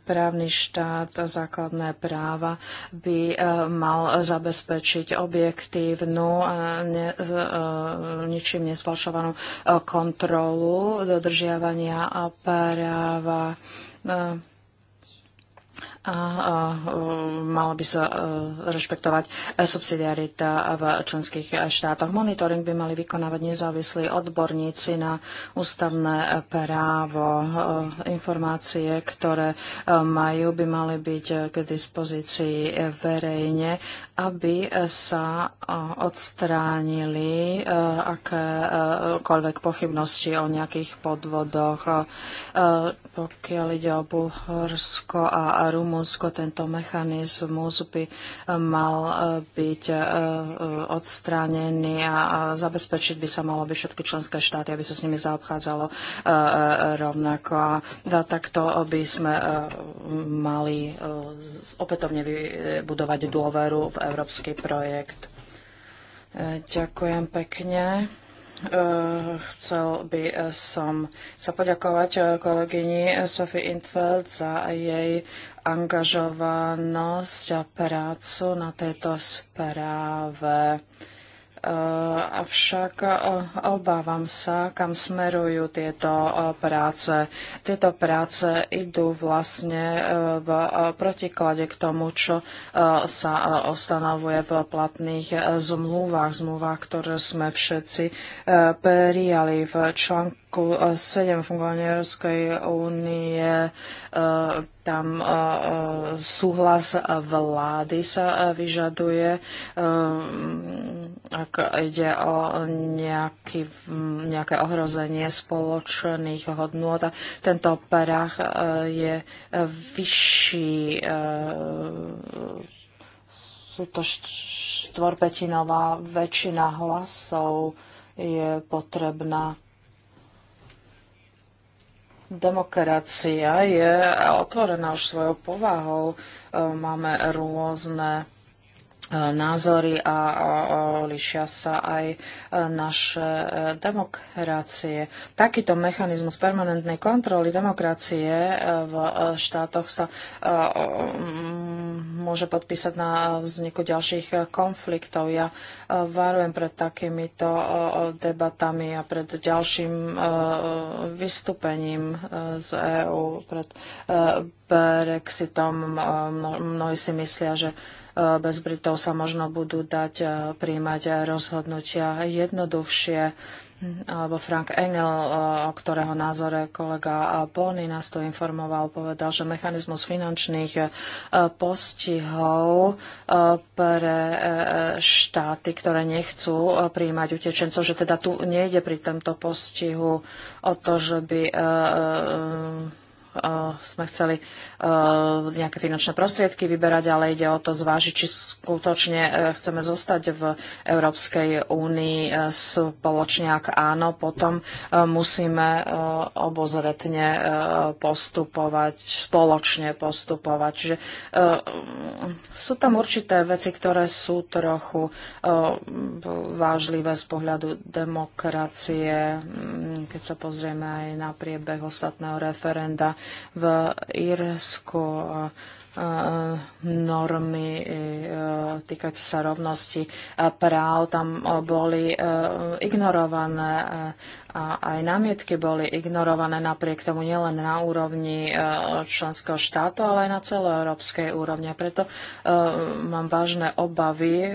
právny štát a základné práva by mal zabezpečiť objektívnu a ničím nesfalšovanú kontrolu dodržia dodržiavania práva e, a, a e, mala by sa e, rešpektovať subsidiarita v členských štátoch. Monitoring by mali vykonávať nezávislí odborníci na ústavné právo. Informácie, ktoré majú, by mali byť k dispozícii verejne aby eh, sa eh, odstránili eh, akékoľvek pochybnosti o nejakých podvodoch. Pokiaľ ide o Bulharsko a Rumunsko, tento mechanizmus by mal byť odstránený a zabezpečiť by sa malo by všetky členské štáty, aby sa s nimi zaobchádzalo rovnako. A takto by sme mali opätovne vybudovať dôveru v európsky projekt. E, ďakujem pekne. E, chcel by som sa poďakovať e, kolegyni Sophie Intfeld za jej angažovanosť a prácu na tejto správe. Eh, avšak eh, obávam sa, kam smerujú tieto eh, práce. Tieto práce idú vlastne v protiklade k tomu, čo sa ustanovuje v platných zmluvách, zmluvách, ktoré sme všetci prijali v článku 7 e, fungovania Európskej únie e, tam e, súhlas vlády sa vyžaduje, ak ide o nejaký, nejaké ohrozenie spoločných hodnôt. Tento prach je vyšší sú to štvorpetinová väčšina hlasov je potrebná Demokracia je otvorená už svojou povahou. E, máme rôzne E, názory a lišia sa aj e, naše e, demokracie. Takýto mechanizmus permanentnej kontroly demokracie v štátoch sa môže podpísať na vzniku ďalších konfliktov. Ja varujem pred takýmito debatami a pred ďalším vystúpením z EÚ, pred Brexitom. Mnohí si myslia, že bez Britov sa možno budú dať e, príjmať rozhodnutia jednoduchšie alebo Frank Engel, e, o ktorého názore kolega Bonny nás to informoval, povedal, že mechanizmus finančných e, postihov pre štáty, ktoré nechcú príjmať utečencov, že teda tu nejde pri tomto postihu o to, že by Eh, sme chceli eh, nejaké finančné prostriedky vyberať, ale ide o to zvážiť, či skutočne eh, chceme zostať v Európskej únii spoločne. Ak áno, potom musíme obozretne postupovať, spoločne postupovať. Čiže sú tam určité veci, ktoré sú trochu vážlivé z pohľadu demokracie, mm, keď sa pozrieme aj na priebeh ostatného referenda v Írsku normy e, e, týkajúce sa rovnosti e, práv tam boli ignorované a aj námietky boli ignorované napriek tomu nielen na úrovni členského štátu, ale aj na celoeurópskej úrovni. A preto mám vážne obavy,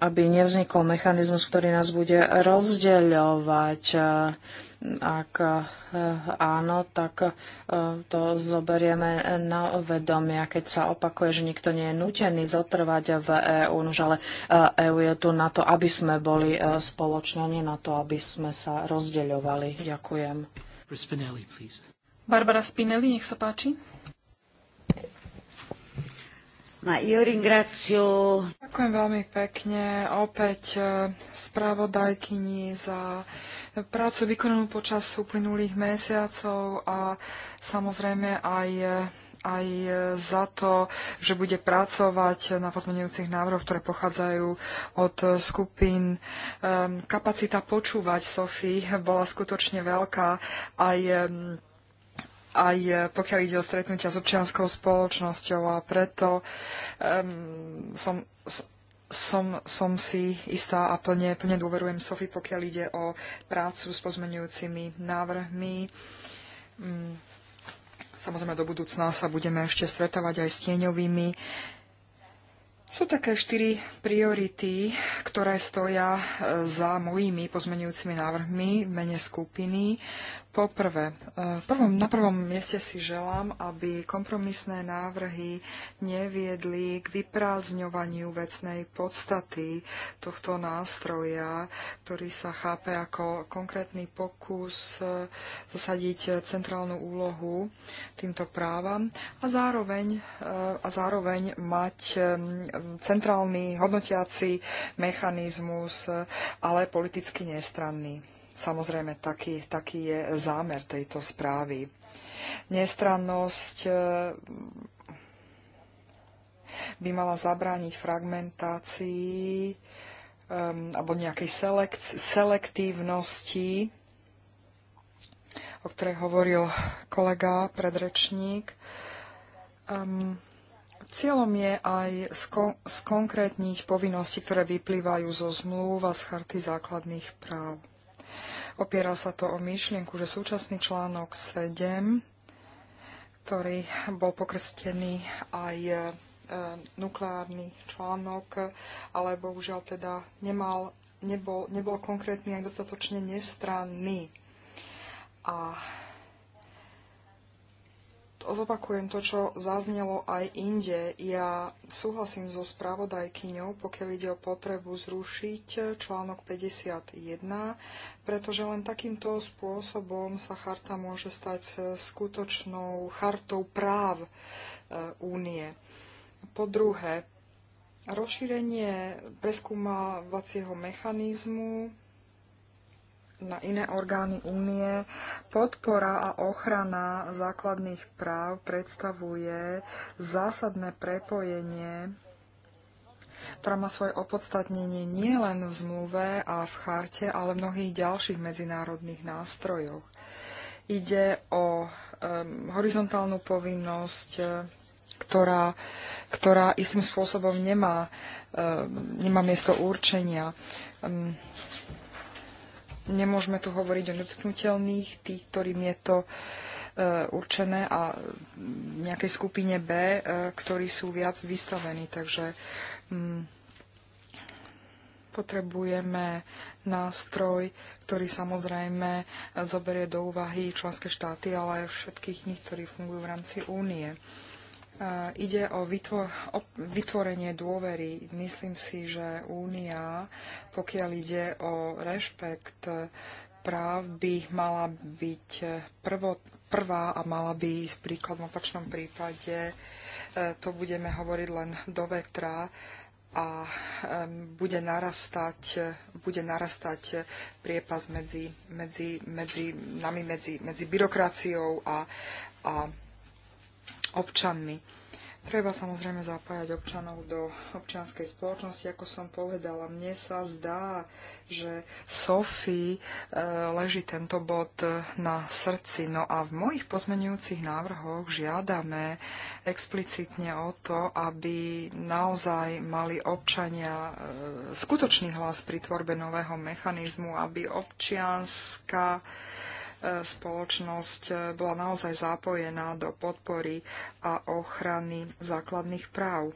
aby nevznikol mechanizmus, ktorý nás bude rozdeľovať ak e, áno, tak e, to zoberieme na vedomia, keď sa opakuje, že nikto nie je nutený zotrvať v EÚ, ale EÚ e je tu na to, aby sme boli spoločne, nie na to, aby sme sa rozdeľovali. Ďakujem. Spinelli, Barbara Spinelli, nech sa páči. Ďakujem veľmi pekne opäť spravodajkyni za prácu vykonanú počas uplynulých mesiacov a samozrejme aj aj za to, že bude pracovať na pozmeňujúcich návrhoch, ktoré pochádzajú od skupín. Ehm, kapacita počúvať Sofy bola skutočne veľká. Aj ehm, aj pokiaľ ide o stretnutia s občianskou spoločnosťou a preto um, som, som, som si istá a plne, plne dôverujem Sofi, pokiaľ ide o prácu s pozmenujúcimi návrhmi. Mm, samozrejme, do budúcna sa budeme ešte stretávať aj s tieňovými. Sú také štyri priority, ktoré stoja e, za mojimi pozmenujúcimi návrhmi v mene skupiny. Poprvé, eh, prvom, na prvom mieste si želám, aby kompromisné návrhy neviedli k vyprázdňovaniu vecnej podstaty tohto nástroja, ktorý sa chápe ako konkrétny pokus eh, zasadiť centrálnu úlohu týmto právam a zároveň, eh, a zároveň mať centrálny hodnotiaci mechanizmus, ale politicky nestranný. Samozrejme, taký, taký je zámer tejto správy. Nestrannosť e, by mala zabrániť fragmentácii um, alebo nejakej selek- selektívnosti, o ktorej hovoril kolega, predrečník. Um, Cieľom je aj skon- skonkrétniť povinnosti, ktoré vyplývajú zo zmluv a z charty základných práv. Opiera sa to o myšlienku, že súčasný článok 7, ktorý bol pokrstený aj e, nukleárny článok, ale bohužiaľ teda nemal, nebol, nebol konkrétny aj dostatočne nestranný. A zopakujem to, čo zaznelo aj inde. Ja súhlasím so spravodajkyňou, pokiaľ ide o potrebu zrušiť článok 51, pretože len takýmto spôsobom sa charta môže stať skutočnou chartou práv e, únie. Po druhé, rozšírenie preskúmavacieho mechanizmu na iné orgány únie. Podpora a ochrana základných práv predstavuje zásadné prepojenie ktorá má svoje opodstatnenie nielen v zmluve a v charte, ale v mnohých ďalších medzinárodných nástrojoch. Ide o um, horizontálnu povinnosť, e, ktorá, ktorá istým spôsobom nemá, um, nemá miesto určenia. Um, nemôžeme tu hovoriť o nedotknutelných, tých, ktorým je to e, určené a nejakej skupine B, e, ktorí sú viac vystavení. Takže hm, potrebujeme nástroj, ktorý samozrejme zoberie do úvahy členské štáty, ale aj všetkých nich, ktorí fungujú v rámci únie ide o, vytvo- o vytvorenie dôvery. Myslím si, že Únia, pokiaľ ide o rešpekt práv, by mala byť prvo, prvá a mala by ísť príklad V opačnom prípade e, to budeme hovoriť len do vetra a bude narastať, bude narastať priepas medzi, medzi, medzi nami, medzi, medzi byrokraciou a, a občanmi. Treba samozrejme zapájať občanov do občianskej spoločnosti. Ako som povedala, mne sa zdá, že Sofii e, leží tento bod na srdci. No a v mojich pozmenujúcich návrhoch žiadame explicitne o to, aby naozaj mali občania e, skutočný hlas pri tvorbe nového mechanizmu, aby občianská spoločnosť eh, bola naozaj zapojená do podpory a ochrany základných práv.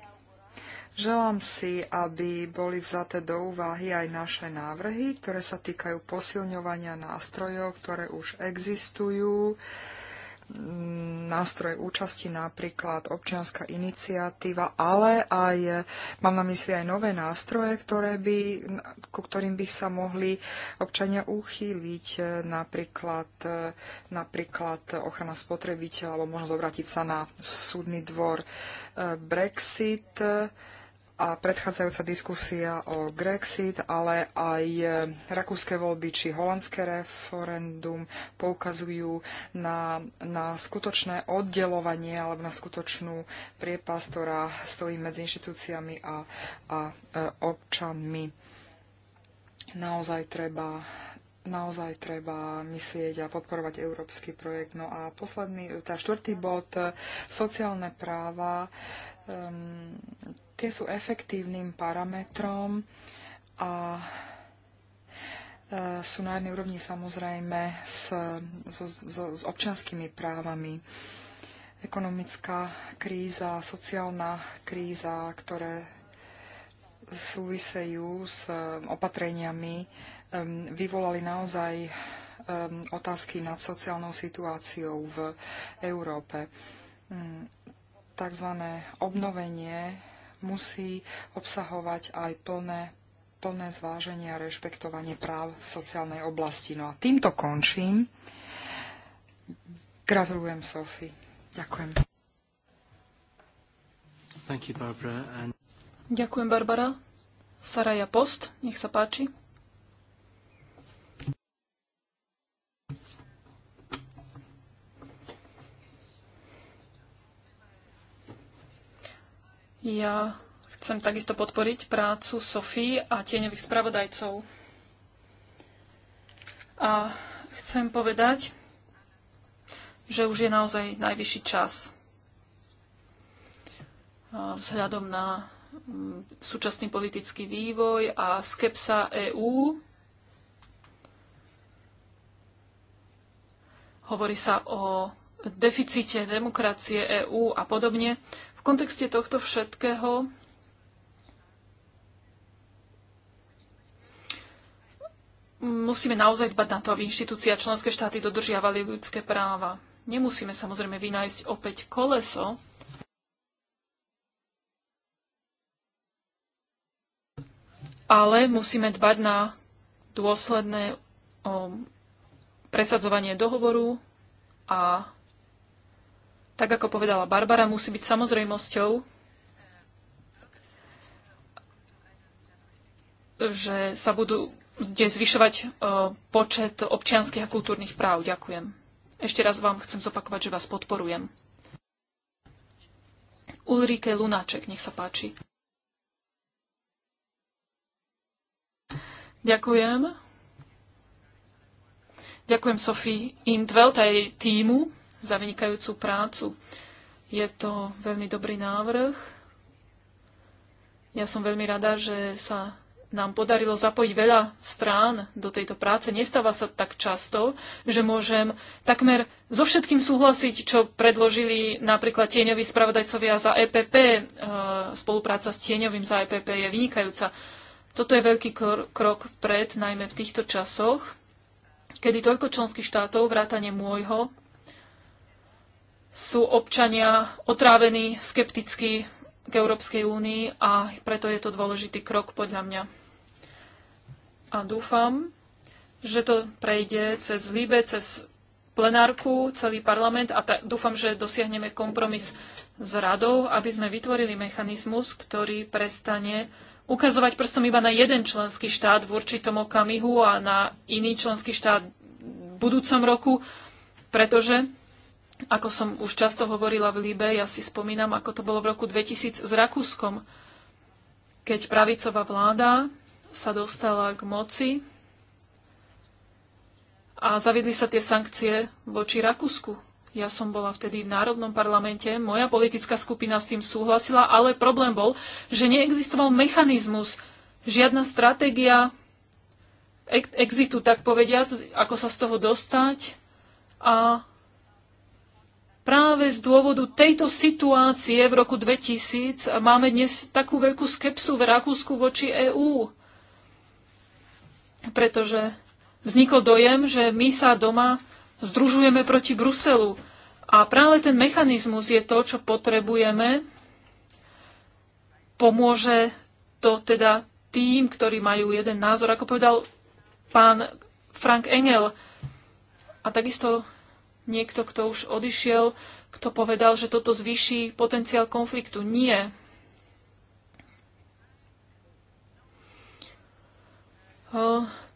Želám si, aby boli vzaté do úvahy aj naše návrhy, ktoré sa týkajú posilňovania nástrojov, ktoré už existujú, nástroj účasti, napríklad občianská iniciatíva, ale aj, mám na mysli aj nové nástroje, ktoré by, ku ktorým by sa mohli občania uchýliť, napríklad, napríklad ochrana spotrebiteľa alebo možnosť obrátiť sa na súdny dvor. Brexit a predchádzajúca diskusia o Grexit, ale aj eh, rakúske voľby či holandské referendum poukazujú na, na skutočné oddelovanie alebo na skutočnú priepas, ktorá stojí medzi inštitúciami a, a eh, občanmi. Naozaj treba naozaj treba myslieť a podporovať európsky projekt. No a posledný, tá štvrtý bod, eh, sociálne práva. Um, Tie sú efektívnym parametrom a e, sú na jednej úrovni samozrejme s, so, s, s občanskými právami. Ekonomická kríza, sociálna kríza, ktoré súvisejú s e, opatreniami, e, vyvolali naozaj otázky nad sociálnou situáciou v Európe. Mm, takzvané obnovenie musí obsahovať aj plné, plné zváženie a rešpektovanie práv v sociálnej oblasti. No a týmto končím. Gratulujem, Sofi. Ďakujem. Thank you, Barbara. And... Ďakujem, Barbara. Saraja Post, nech sa páči. Ja chcem takisto podporiť prácu Sofí a tieňových spravodajcov. A chcem povedať, že už je naozaj najvyšší čas vzhľadom na mm, súčasný politický vývoj a skepsa EÚ. Hovorí sa o deficite demokracie EÚ a podobne kontexte tohto všetkého musíme naozaj dbať na to, aby inštitúcia a členské štáty dodržiavali ľudské práva. Nemusíme samozrejme vynájsť opäť koleso, ale musíme dbať na dôsledné o, presadzovanie dohovoru a tak ako povedala Barbara, musí byť samozrejmosťou, že sa budú kde zvyšovať e, počet občianských a kultúrnych práv. Ďakujem. Ešte raz vám chcem zopakovať, že vás podporujem. Ulrike Lunáček, nech sa páči. Ďakujem. Ďakujem Sofii Intvelt a jej týmu za vynikajúcu prácu. Je to veľmi dobrý návrh. Ja som veľmi rada, že sa nám podarilo zapojiť veľa strán do tejto práce. Nestáva sa tak často, že môžem takmer so všetkým súhlasiť, čo predložili napríklad tieňoví spravodajcovia za EPP. E, spolupráca s tieňovým za EPP je vynikajúca. Toto je veľký krok vpred, najmä v týchto časoch, kedy toľko členských štátov, vrátane môjho, sú občania otrávení, skeptickí k Európskej únii a preto je to dôležitý krok podľa mňa. A dúfam, že to prejde cez Líbe, cez plenárku, celý parlament a dúfam, že dosiahneme kompromis s radou, aby sme vytvorili mechanizmus, ktorý prestane ukazovať prstom iba na jeden členský štát v určitom okamihu a na iný členský štát v budúcom roku, pretože ako som už často hovorila v Líbe, ja si spomínam, ako to bolo v roku 2000 s Rakúskom, keď pravicová vláda sa dostala k moci a zaviedli sa tie sankcie voči Rakúsku. Ja som bola vtedy v Národnom parlamente, moja politická skupina s tým súhlasila, ale problém bol, že neexistoval mechanizmus, žiadna stratégia exitu, tak povediať, ako sa z toho dostať a Práve z dôvodu tejto situácie v roku 2000 máme dnes takú veľkú skepsu v Rakúsku voči EÚ, pretože vznikol dojem, že my sa doma združujeme proti Bruselu. A práve ten mechanizmus je to, čo potrebujeme. Pomôže to teda tým, ktorí majú jeden názor, ako povedal pán Frank Engel. A takisto niekto, kto už odišiel, kto povedal, že toto zvýši potenciál konfliktu. Nie.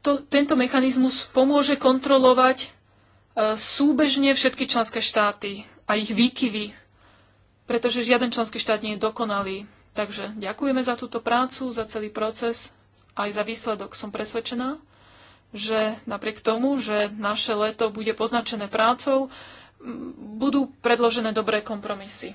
To, tento mechanizmus pomôže kontrolovať súbežne všetky členské štáty a ich výkyvy, pretože žiaden členský štát nie je dokonalý. Takže ďakujeme za túto prácu, za celý proces, aj za výsledok. Som presvedčená, že napriek tomu, že naše leto bude poznačené prácou, budú predložené dobré kompromisy.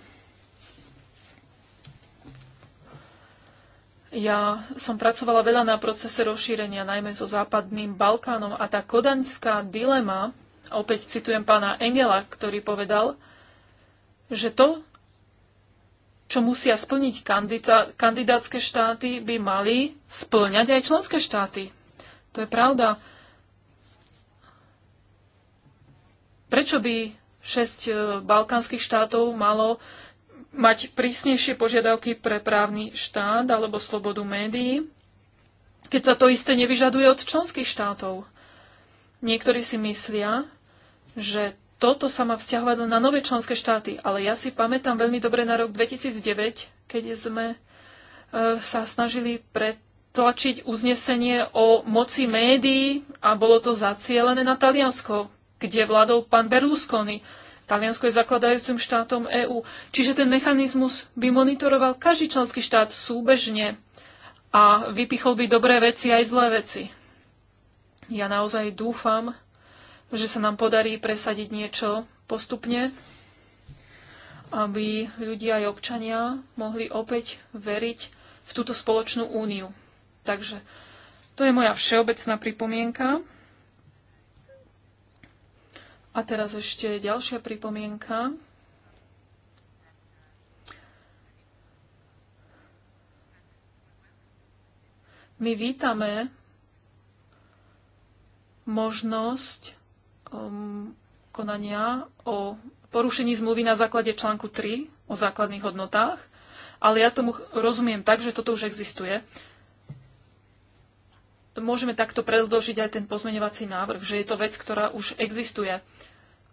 Ja som pracovala veľa na procese rozšírenia, najmä so západným Balkánom a tá kodaňská dilema, opäť citujem pána Engela, ktorý povedal, že to, čo musia splniť kandidátske štáty, by mali splňať aj členské štáty. To je pravda. Prečo by 6 e, balkánskych štátov malo mať prísnejšie požiadavky pre právny štát alebo slobodu médií, keď sa to isté nevyžaduje od členských štátov. Niektorí si myslia, že toto sa má vzťahovať na nové členské štáty, ale ja si pamätám veľmi dobre na rok 2009, keď sme e, sa snažili pred tlačiť uznesenie o moci médií a bolo to zacielené na Taliansko, kde vládol pán Berlusconi. Taliansko je zakladajúcim štátom EÚ. Čiže ten mechanizmus by monitoroval každý členský štát súbežne a vypichol by dobré veci aj zlé veci. Ja naozaj dúfam, že sa nám podarí presadiť niečo postupne, aby ľudia aj občania mohli opäť veriť v túto spoločnú úniu. Takže to je moja všeobecná pripomienka. A teraz ešte ďalšia pripomienka. My vítame možnosť um, konania o porušení zmluvy na základe článku 3 o základných hodnotách, ale ja tomu rozumiem tak, že toto už existuje môžeme takto predložiť aj ten pozmeňovací návrh, že je to vec, ktorá už existuje.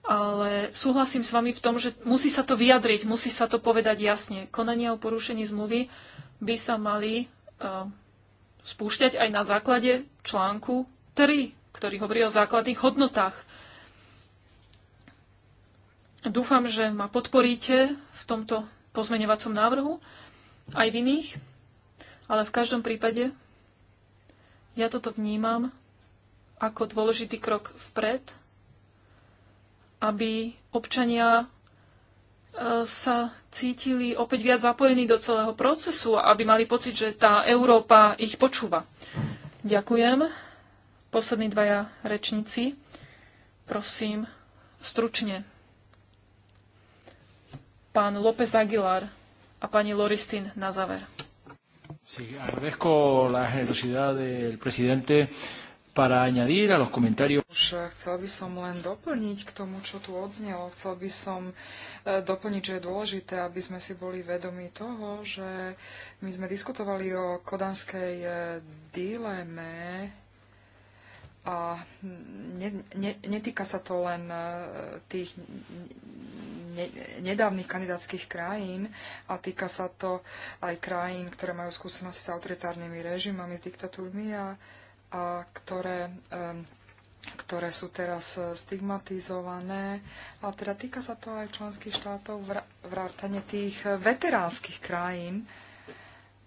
Ale súhlasím s vami v tom, že musí sa to vyjadriť, musí sa to povedať jasne. Konania o porušení zmluvy by sa mali uh, spúšťať aj na základe článku 3, ktorý hovorí o základných hodnotách. Dúfam, že ma podporíte v tomto pozmeňovacom návrhu, aj v iných, ale v každom prípade ja toto vnímam ako dôležitý krok vpred, aby občania e, sa cítili opäť viac zapojení do celého procesu a aby mali pocit, že tá Európa ich počúva. Ďakujem. Poslední dvaja rečníci. Prosím, stručne. Pán López Aguilar a pani Loristin na záver. Sí, agradezco la generosidad del presidente para añadir a los comentarios. Už eh, chcel by som len doplniť k tomu, čo tu odznelo. Chcel by som eh, doplniť, že je dôležité, aby sme si boli vedomi toho, že my sme diskutovali o kodanskej eh, dileme a ne, ne, netýka sa to len tých nedávnych kandidátskych krajín a týka sa to aj krajín, ktoré majú skúsenosti s autoritárnymi režimami, s diktatúrmi a, a ktoré, um, ktoré sú teraz eh, stigmatizované. A teda týka sa to aj členských štátov, vrátane tých eh, veteránskych krajín,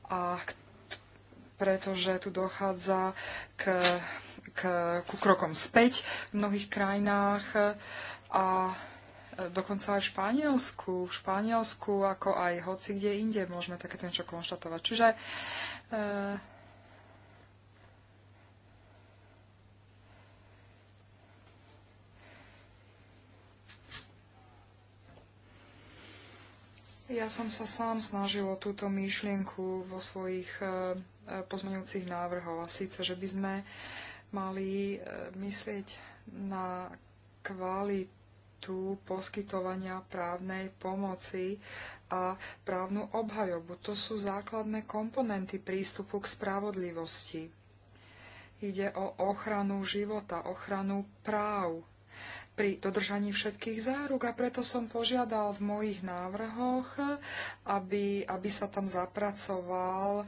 a pretože tu dochádza k, k, ku krokom späť v mnohých krajinách eh, a dokonca aj v Španielsku, v Španielsku, ako aj hoci kde inde môžeme takéto niečo konštatovať. Čiže e, Ja som sa sám o túto myšlienku vo svojich e, pozmeňujúcich návrhoch. A síce, že by sme mali e, myslieť na kvalitu tu poskytovania právnej pomoci a právnu obhajobu. To sú základné komponenty prístupu k spravodlivosti. Ide o ochranu života, ochranu práv pri dodržaní všetkých záruk a preto som požiadal v mojich návrhoch, aby, aby sa tam zapracoval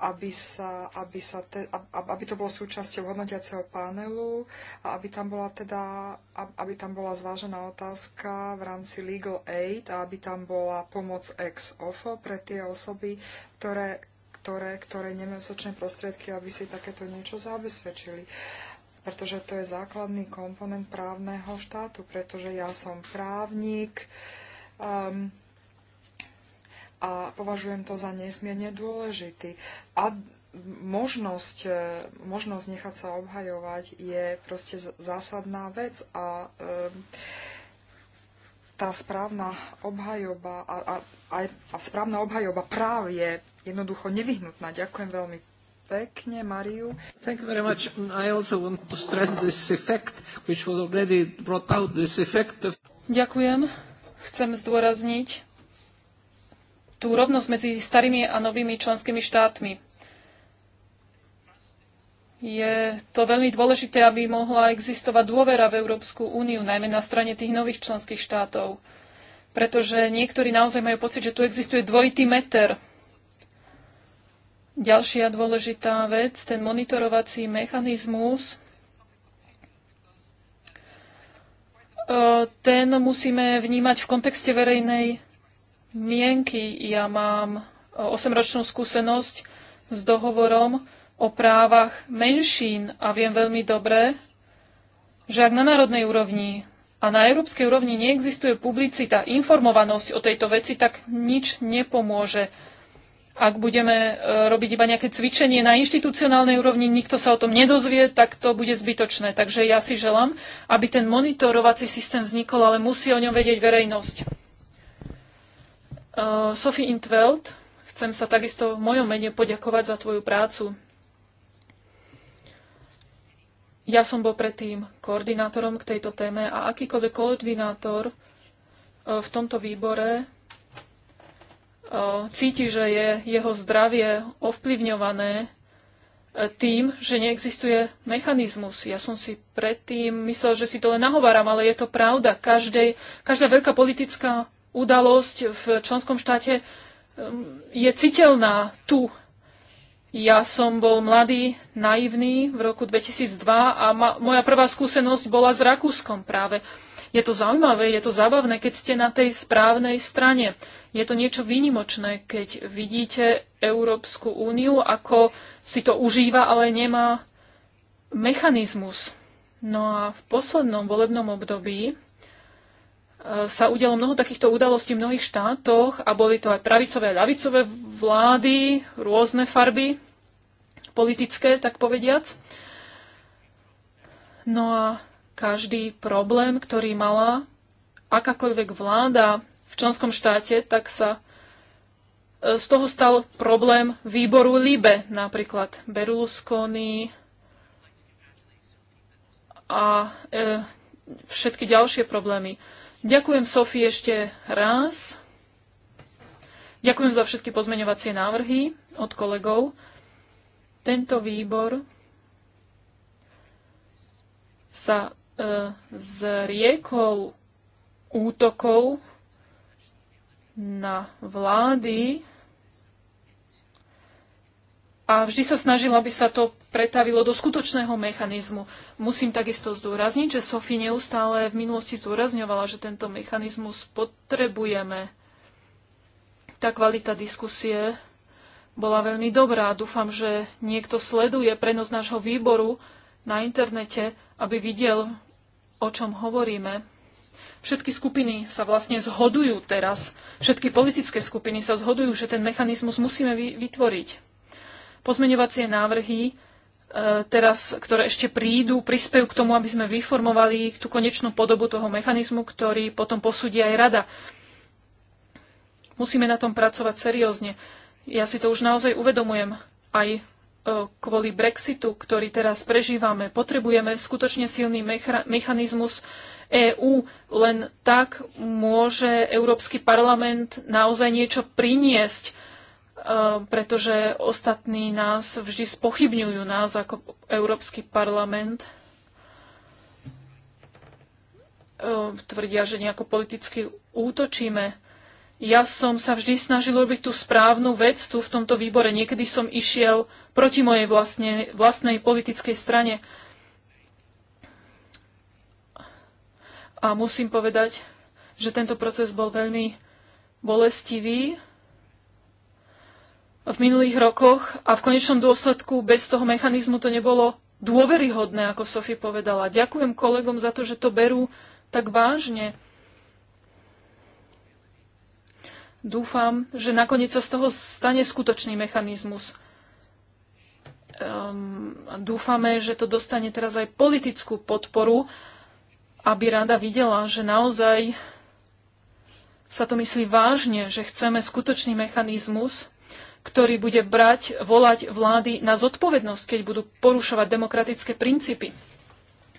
aby, sa, aby, sa te, aby to bolo súčasťou hodnotiaceho panelu a aby tam bola teda, aby tam bola zvážená otázka v rámci legal aid a aby tam bola pomoc ex ofo pre tie osoby, ktoré, ktoré, ktoré nemajú sočné prostriedky, aby si takéto niečo zabezpečili pretože to je základný komponent právneho štátu, pretože ja som právnik, um, a považujem to za nesmierne dôležitý. A možnosť, e, možnosť nechať sa obhajovať je proste zásadná vec a e, tá správna obhajoba a, a, a správna obhajoba práv je jednoducho nevyhnutná. Ďakujem veľmi pekne, Mariu. Thank you very much. I also want to stress this effect, which was already brought out, this effect of... Ďakujem. Chcem zdôrazniť tú rovnosť medzi starými a novými členskými štátmi. Je to veľmi dôležité, aby mohla existovať dôvera v Európsku úniu, najmä na strane tých nových členských štátov. Pretože niektorí naozaj majú pocit, že tu existuje dvojitý meter. Ďalšia dôležitá vec, ten monitorovací mechanizmus, ten musíme vnímať v kontexte verejnej mienky. Ja mám 8-ročnú e, skúsenosť s dohovorom o právach menšín a viem veľmi dobre, že ak na národnej úrovni a na európskej úrovni neexistuje publicita, informovanosť o tejto veci, tak nič nepomôže. Ak budeme e, robiť iba nejaké cvičenie na inštitucionálnej úrovni, nikto sa o tom nedozvie, tak to bude zbytočné. Takže ja si želám, aby ten monitorovací systém vznikol, ale musí o ňom vedieť verejnosť. Eh, Sophie Intveld, chcem sa takisto v mojom mene poďakovať za tvoju prácu. Ja som bol predtým koordinátorom k tejto téme a akýkoľvek koordinátor eh, v tomto výbore eh, cíti, že je jeho zdravie ovplyvňované tým, že neexistuje mechanizmus. Ja som si predtým myslel, že si to len nahováram, ale je to pravda. Každej, každá veľká politická udalosť v členskom štáte um, je citeľná tu. Ja som bol mladý, naivný v roku 2002 a ma, moja prvá skúsenosť bola s Rakúskom práve. Je to zaujímavé, je to zábavné, keď ste na tej správnej strane. Je to niečo výnimočné, keď vidíte Európsku úniu, ako si to užíva, ale nemá mechanizmus. No a v poslednom volebnom období sa udialo mnoho takýchto udalostí v mnohých štátoch a boli to aj pravicové a ľavicové vlády, rôzne farby politické, tak povediac. No a každý problém, ktorý mala akákoľvek vláda v členskom štáte, tak sa e, z toho stal problém výboru Libe, napríklad Berlusconi a e, všetky ďalšie problémy. Ďakujem Sofii ešte raz. Ďakujem za všetky pozmeňovacie návrhy od kolegov. Tento výbor sa e, zriekol útokov na vlády a vždy sa snažil, aby sa to pretavilo do skutočného mechanizmu. Musím takisto zdôrazniť, že Sofie neustále v minulosti zdôrazňovala, že tento mechanizmus potrebujeme. Tá kvalita diskusie bola veľmi dobrá. Dúfam, že niekto sleduje prenos nášho výboru na internete, aby videl, o čom hovoríme. Všetky skupiny sa vlastne zhodujú teraz, všetky politické skupiny sa zhodujú, že ten mechanizmus musíme vytvoriť. Pozmeňovacie návrhy E, teraz, ktoré ešte prídu, prispejú k tomu, aby sme vyformovali tú konečnú podobu toho mechanizmu, ktorý potom posúdi aj rada. Musíme na tom pracovať seriózne. Ja si to už naozaj uvedomujem aj e, kvôli Brexitu, ktorý teraz prežívame. Potrebujeme skutočne silný mechanizmus EÚ. Len tak môže Európsky parlament naozaj niečo priniesť E, pretože ostatní nás vždy spochybňujú nás ako Európsky parlament. E, tvrdia, že nejako politicky útočíme. Ja som sa vždy snažil robiť tú správnu vec tu v tomto výbore. Niekedy som išiel proti mojej vlastne, vlastnej politickej strane. A musím povedať, že tento proces bol veľmi bolestivý v minulých rokoch a v konečnom dôsledku bez toho mechanizmu to nebolo dôveryhodné, ako Sofie povedala. Ďakujem kolegom za to, že to berú tak vážne. Dúfam, že nakoniec sa z toho stane skutočný mechanizmus. Um, dúfame, že to dostane teraz aj politickú podporu, aby rada videla, že naozaj sa to myslí vážne, že chceme skutočný mechanizmus, ktorý bude brať, volať vlády na zodpovednosť, keď budú porušovať demokratické princípy.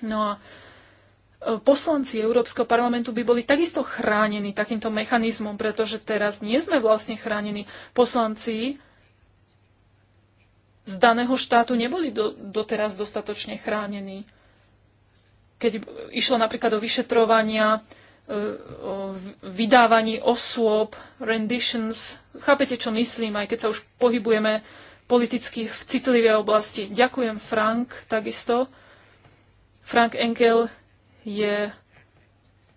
No a e, poslanci Európskeho parlamentu by boli takisto chránení takýmto mechanizmom, pretože teraz nie sme vlastne chránení. Poslanci z daného štátu neboli do, doteraz dostatočne chránení. Keď išlo napríklad o vyšetrovania E, vydávaní osôb, renditions. Chápete, čo myslím, aj keď sa už pohybujeme politicky v citlivej oblasti. Ďakujem Frank takisto. Frank Enkel je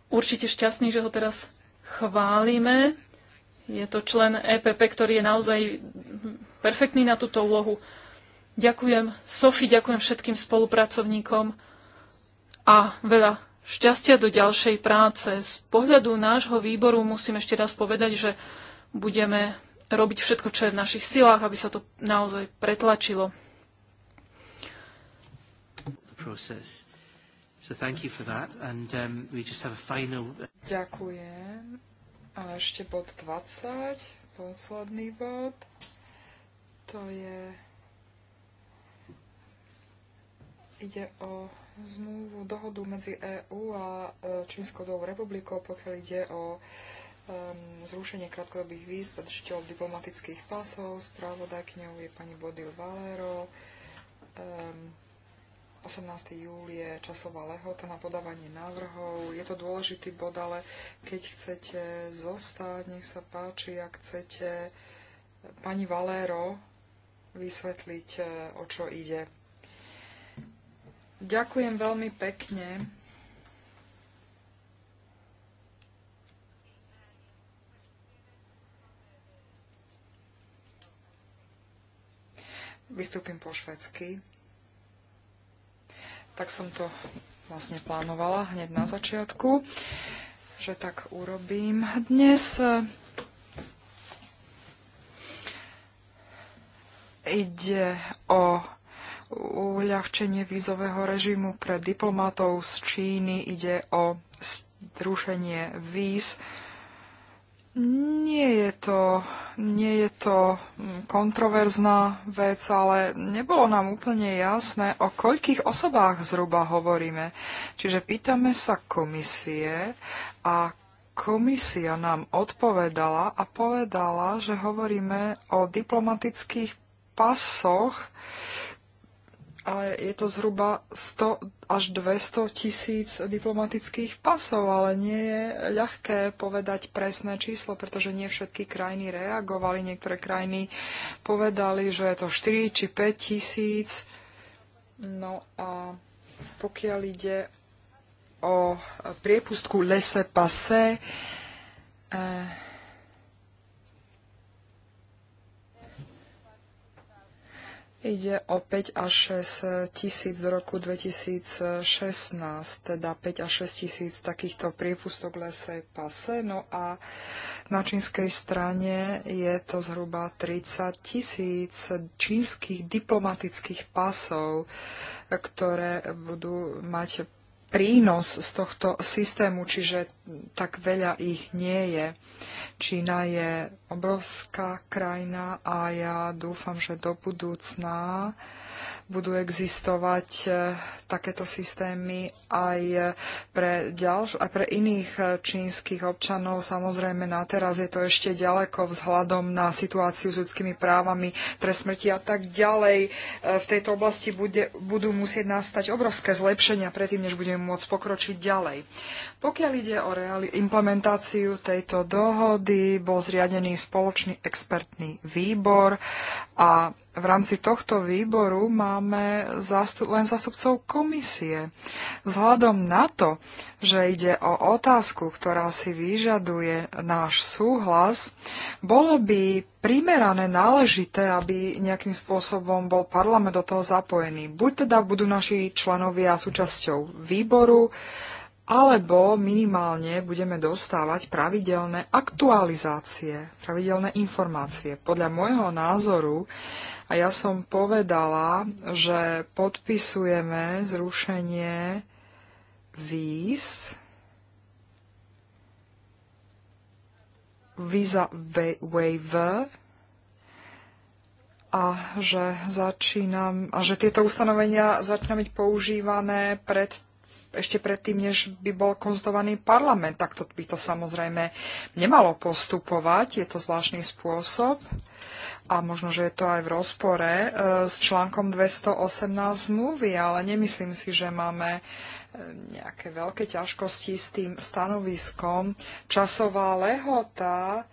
určite šťastný, že ho teraz chválime. Je to člen EPP, ktorý je naozaj perfektný na túto úlohu. Ďakujem Sofi, ďakujem všetkým spolupracovníkom a veľa šťastia do ďalšej práce. Z pohľadu nášho výboru musím ešte raz povedať, že budeme robiť všetko, čo je v našich silách, aby sa to naozaj pretlačilo. Um, Ďakujem. A ešte bod 20, posledný bod. To je... Ide o zmluvu, dohodu medzi EÚ a e, Čínskou dlhou republikou, pokiaľ ide o zrušenie krátkodobých víz pre držiteľov diplomatických pasov. Správodajkňou je pani Bodil Valero. 18. júl je časová lehota na podávanie návrhov. Je to dôležitý bod, ale keď chcete zostať, nech sa páči, ak chcete pani Valero vysvetliť, e, o čo ide. Ďakujem veľmi pekne. Vystúpim po švedsky. Tak som to vlastne plánovala hneď na začiatku, že tak urobím. Dnes eh, ide o uľahčenie vízového režimu pre diplomatov z Číny, ide o zrušenie víz. Nie je, to, nie je to kontroverzná vec, ale nebolo nám úplne jasné, o koľkých osobách zhruba hovoríme. Čiže pýtame sa komisie a komisia nám odpovedala a povedala, že hovoríme o diplomatických pasoch, ale je to zhruba 100 až 200 tisíc diplomatických pasov, ale nie je ľahké povedať presné číslo, pretože nie všetky krajiny reagovali. Niektoré krajiny povedali, že je to 4 či 5 tisíc. No a pokiaľ ide o priepustku lese pase, eh, Ide o 5 až 6 tisíc do roku 2016, teda 5 až 6 tisíc takýchto priepustok lese pase. No a na čínskej strane je to zhruba 30 tisíc čínskych diplomatických pasov, ktoré budú mať prínos z tohto systému, čiže tak veľa ich nie je. Čína je obrovská krajina a ja dúfam, že do budúcna uh, budú existovať e, takéto systémy aj e, pre, ďalš- aj pre iných e, čínskych občanov. Samozrejme, na teraz je to ešte ďaleko vzhľadom na situáciu s ľudskými právami, pre smrti a tak ďalej. V tejto oblasti bude, budú musieť nastať obrovské zlepšenia predtým, než budeme môcť pokročiť ďalej. Pokiaľ ide o implementáciu tejto dohody, bol zriadený spoločný expertný výbor a v rámci tohto výboru máme zastup, len zastupcov komisie. Vzhľadom na to, že ide o otázku, ktorá si vyžaduje náš súhlas, bolo by primerané náležité, aby nejakým spôsobom bol parlament do toho zapojený. Buď teda budú naši členovia súčasťou výboru, alebo minimálne budeme dostávať pravidelné aktualizácie, pravidelné informácie. Podľa môjho názoru a ja som povedala, že podpisujeme zrušenie víz, visa waiver a že, začínam, a že tieto ustanovenia začína byť používané pred ešte predtým, než by bol konzultovaný parlament. Tak to by to samozrejme nemalo postupovať, je to zvláštny spôsob a možno, že je to aj v rozpore e, s článkom 218 zmluvy, ale nemyslím si, že máme e, nejaké veľké ťažkosti s tým stanoviskom. Časová lehota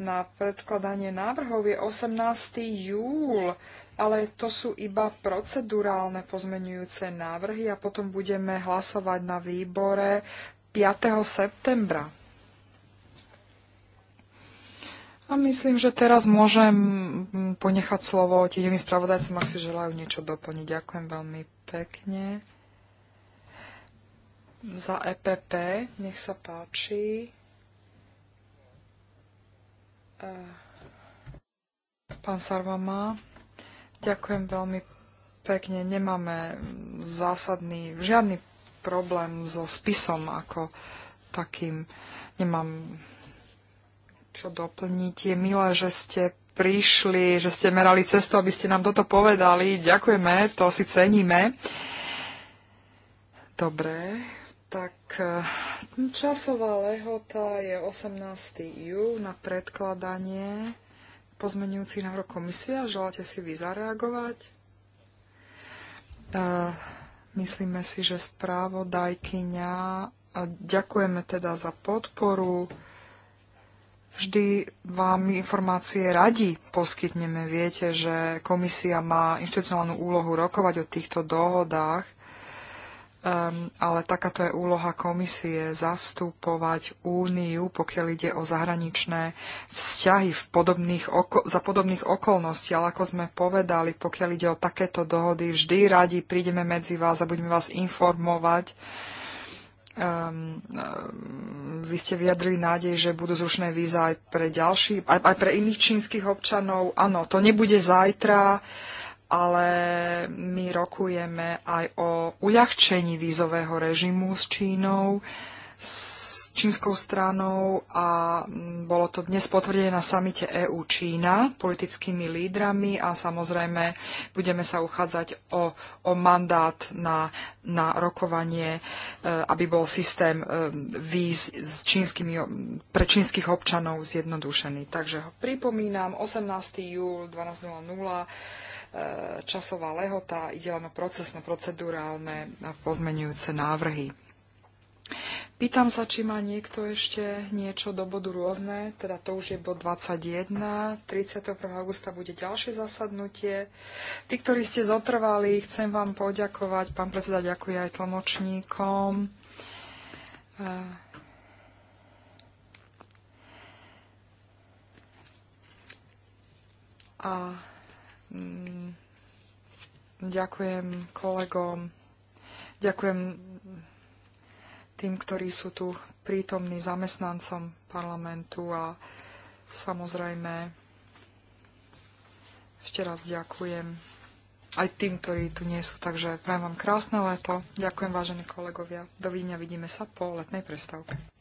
na predkladanie návrhov je 18. júl ale to sú iba procedurálne pozmenujúce návrhy a potom budeme hlasovať na výbore 5. septembra. A myslím, že teraz môžem ponechať slovo tieňovým spravodajcom, ak si želajú niečo doplniť. Ďakujem veľmi pekne. Za EPP, nech sa páči. Eh, pán Sarvama. Ďakujem veľmi pekne. Nemáme zásadný, žiadny problém so spisom ako takým. Nemám čo doplniť. Je milé, že ste prišli, že ste merali cestu, aby ste nám toto povedali. Ďakujeme, to si ceníme. Dobre, tak eh, časová lehota je 18. júna na predkladanie pozmenujúci návrh komisia? Želáte si vy zareagovať? E, myslíme si, že dajkyňa. ďakujeme teda za podporu, vždy vám informácie radi poskytneme. Viete, že komisia má inštitucionálnu úlohu rokovať o týchto dohodách Um, ale takáto je úloha komisie zastupovať úniu, pokiaľ ide o zahraničné vzťahy v podobných oko- za podobných okolností. Ale ako sme povedali, pokiaľ ide o takéto dohody, vždy radi prídeme medzi vás a budeme vás informovať. Um, um, vy ste vyjadrili nádej, že budú zrušné víza aj pre ďalší, aj, aj pre iných čínskych občanov. Áno, to nebude zajtra. Uh, ale my rokujeme aj o uľahčení vízového režimu s Čínou, s čínskou stranou a bolo to dnes potvrdené na samite EU Čína politickými lídrami a samozrejme budeme sa uchádzať o, o mandát na, na rokovanie, e, aby bol systém e, víz s čínskymi, pre čínskych občanov zjednodušený. Takže pripomínam, 18. júl 12.00 E, časová lehota, ide len o procesné, procedurálne pozmenujúce návrhy. Pýtam sa, či má niekto ešte niečo do bodu rôzne, teda to už je bod 21, 31. augusta bude ďalšie zasadnutie. Tí, ktorí ste zotrvali, chcem vám poďakovať. Pán predseda ďakuje aj tlmočníkom. A Mm, ďakujem kolegom, ďakujem tým, ktorí sú tu prítomní zamestnancom parlamentu a samozrejme ešte raz ďakujem aj tým, ktorí tu nie sú. Takže prajem vám krásne leto. Ďakujem, vážení kolegovia. Dovidenia, vidíme sa po letnej prestávke.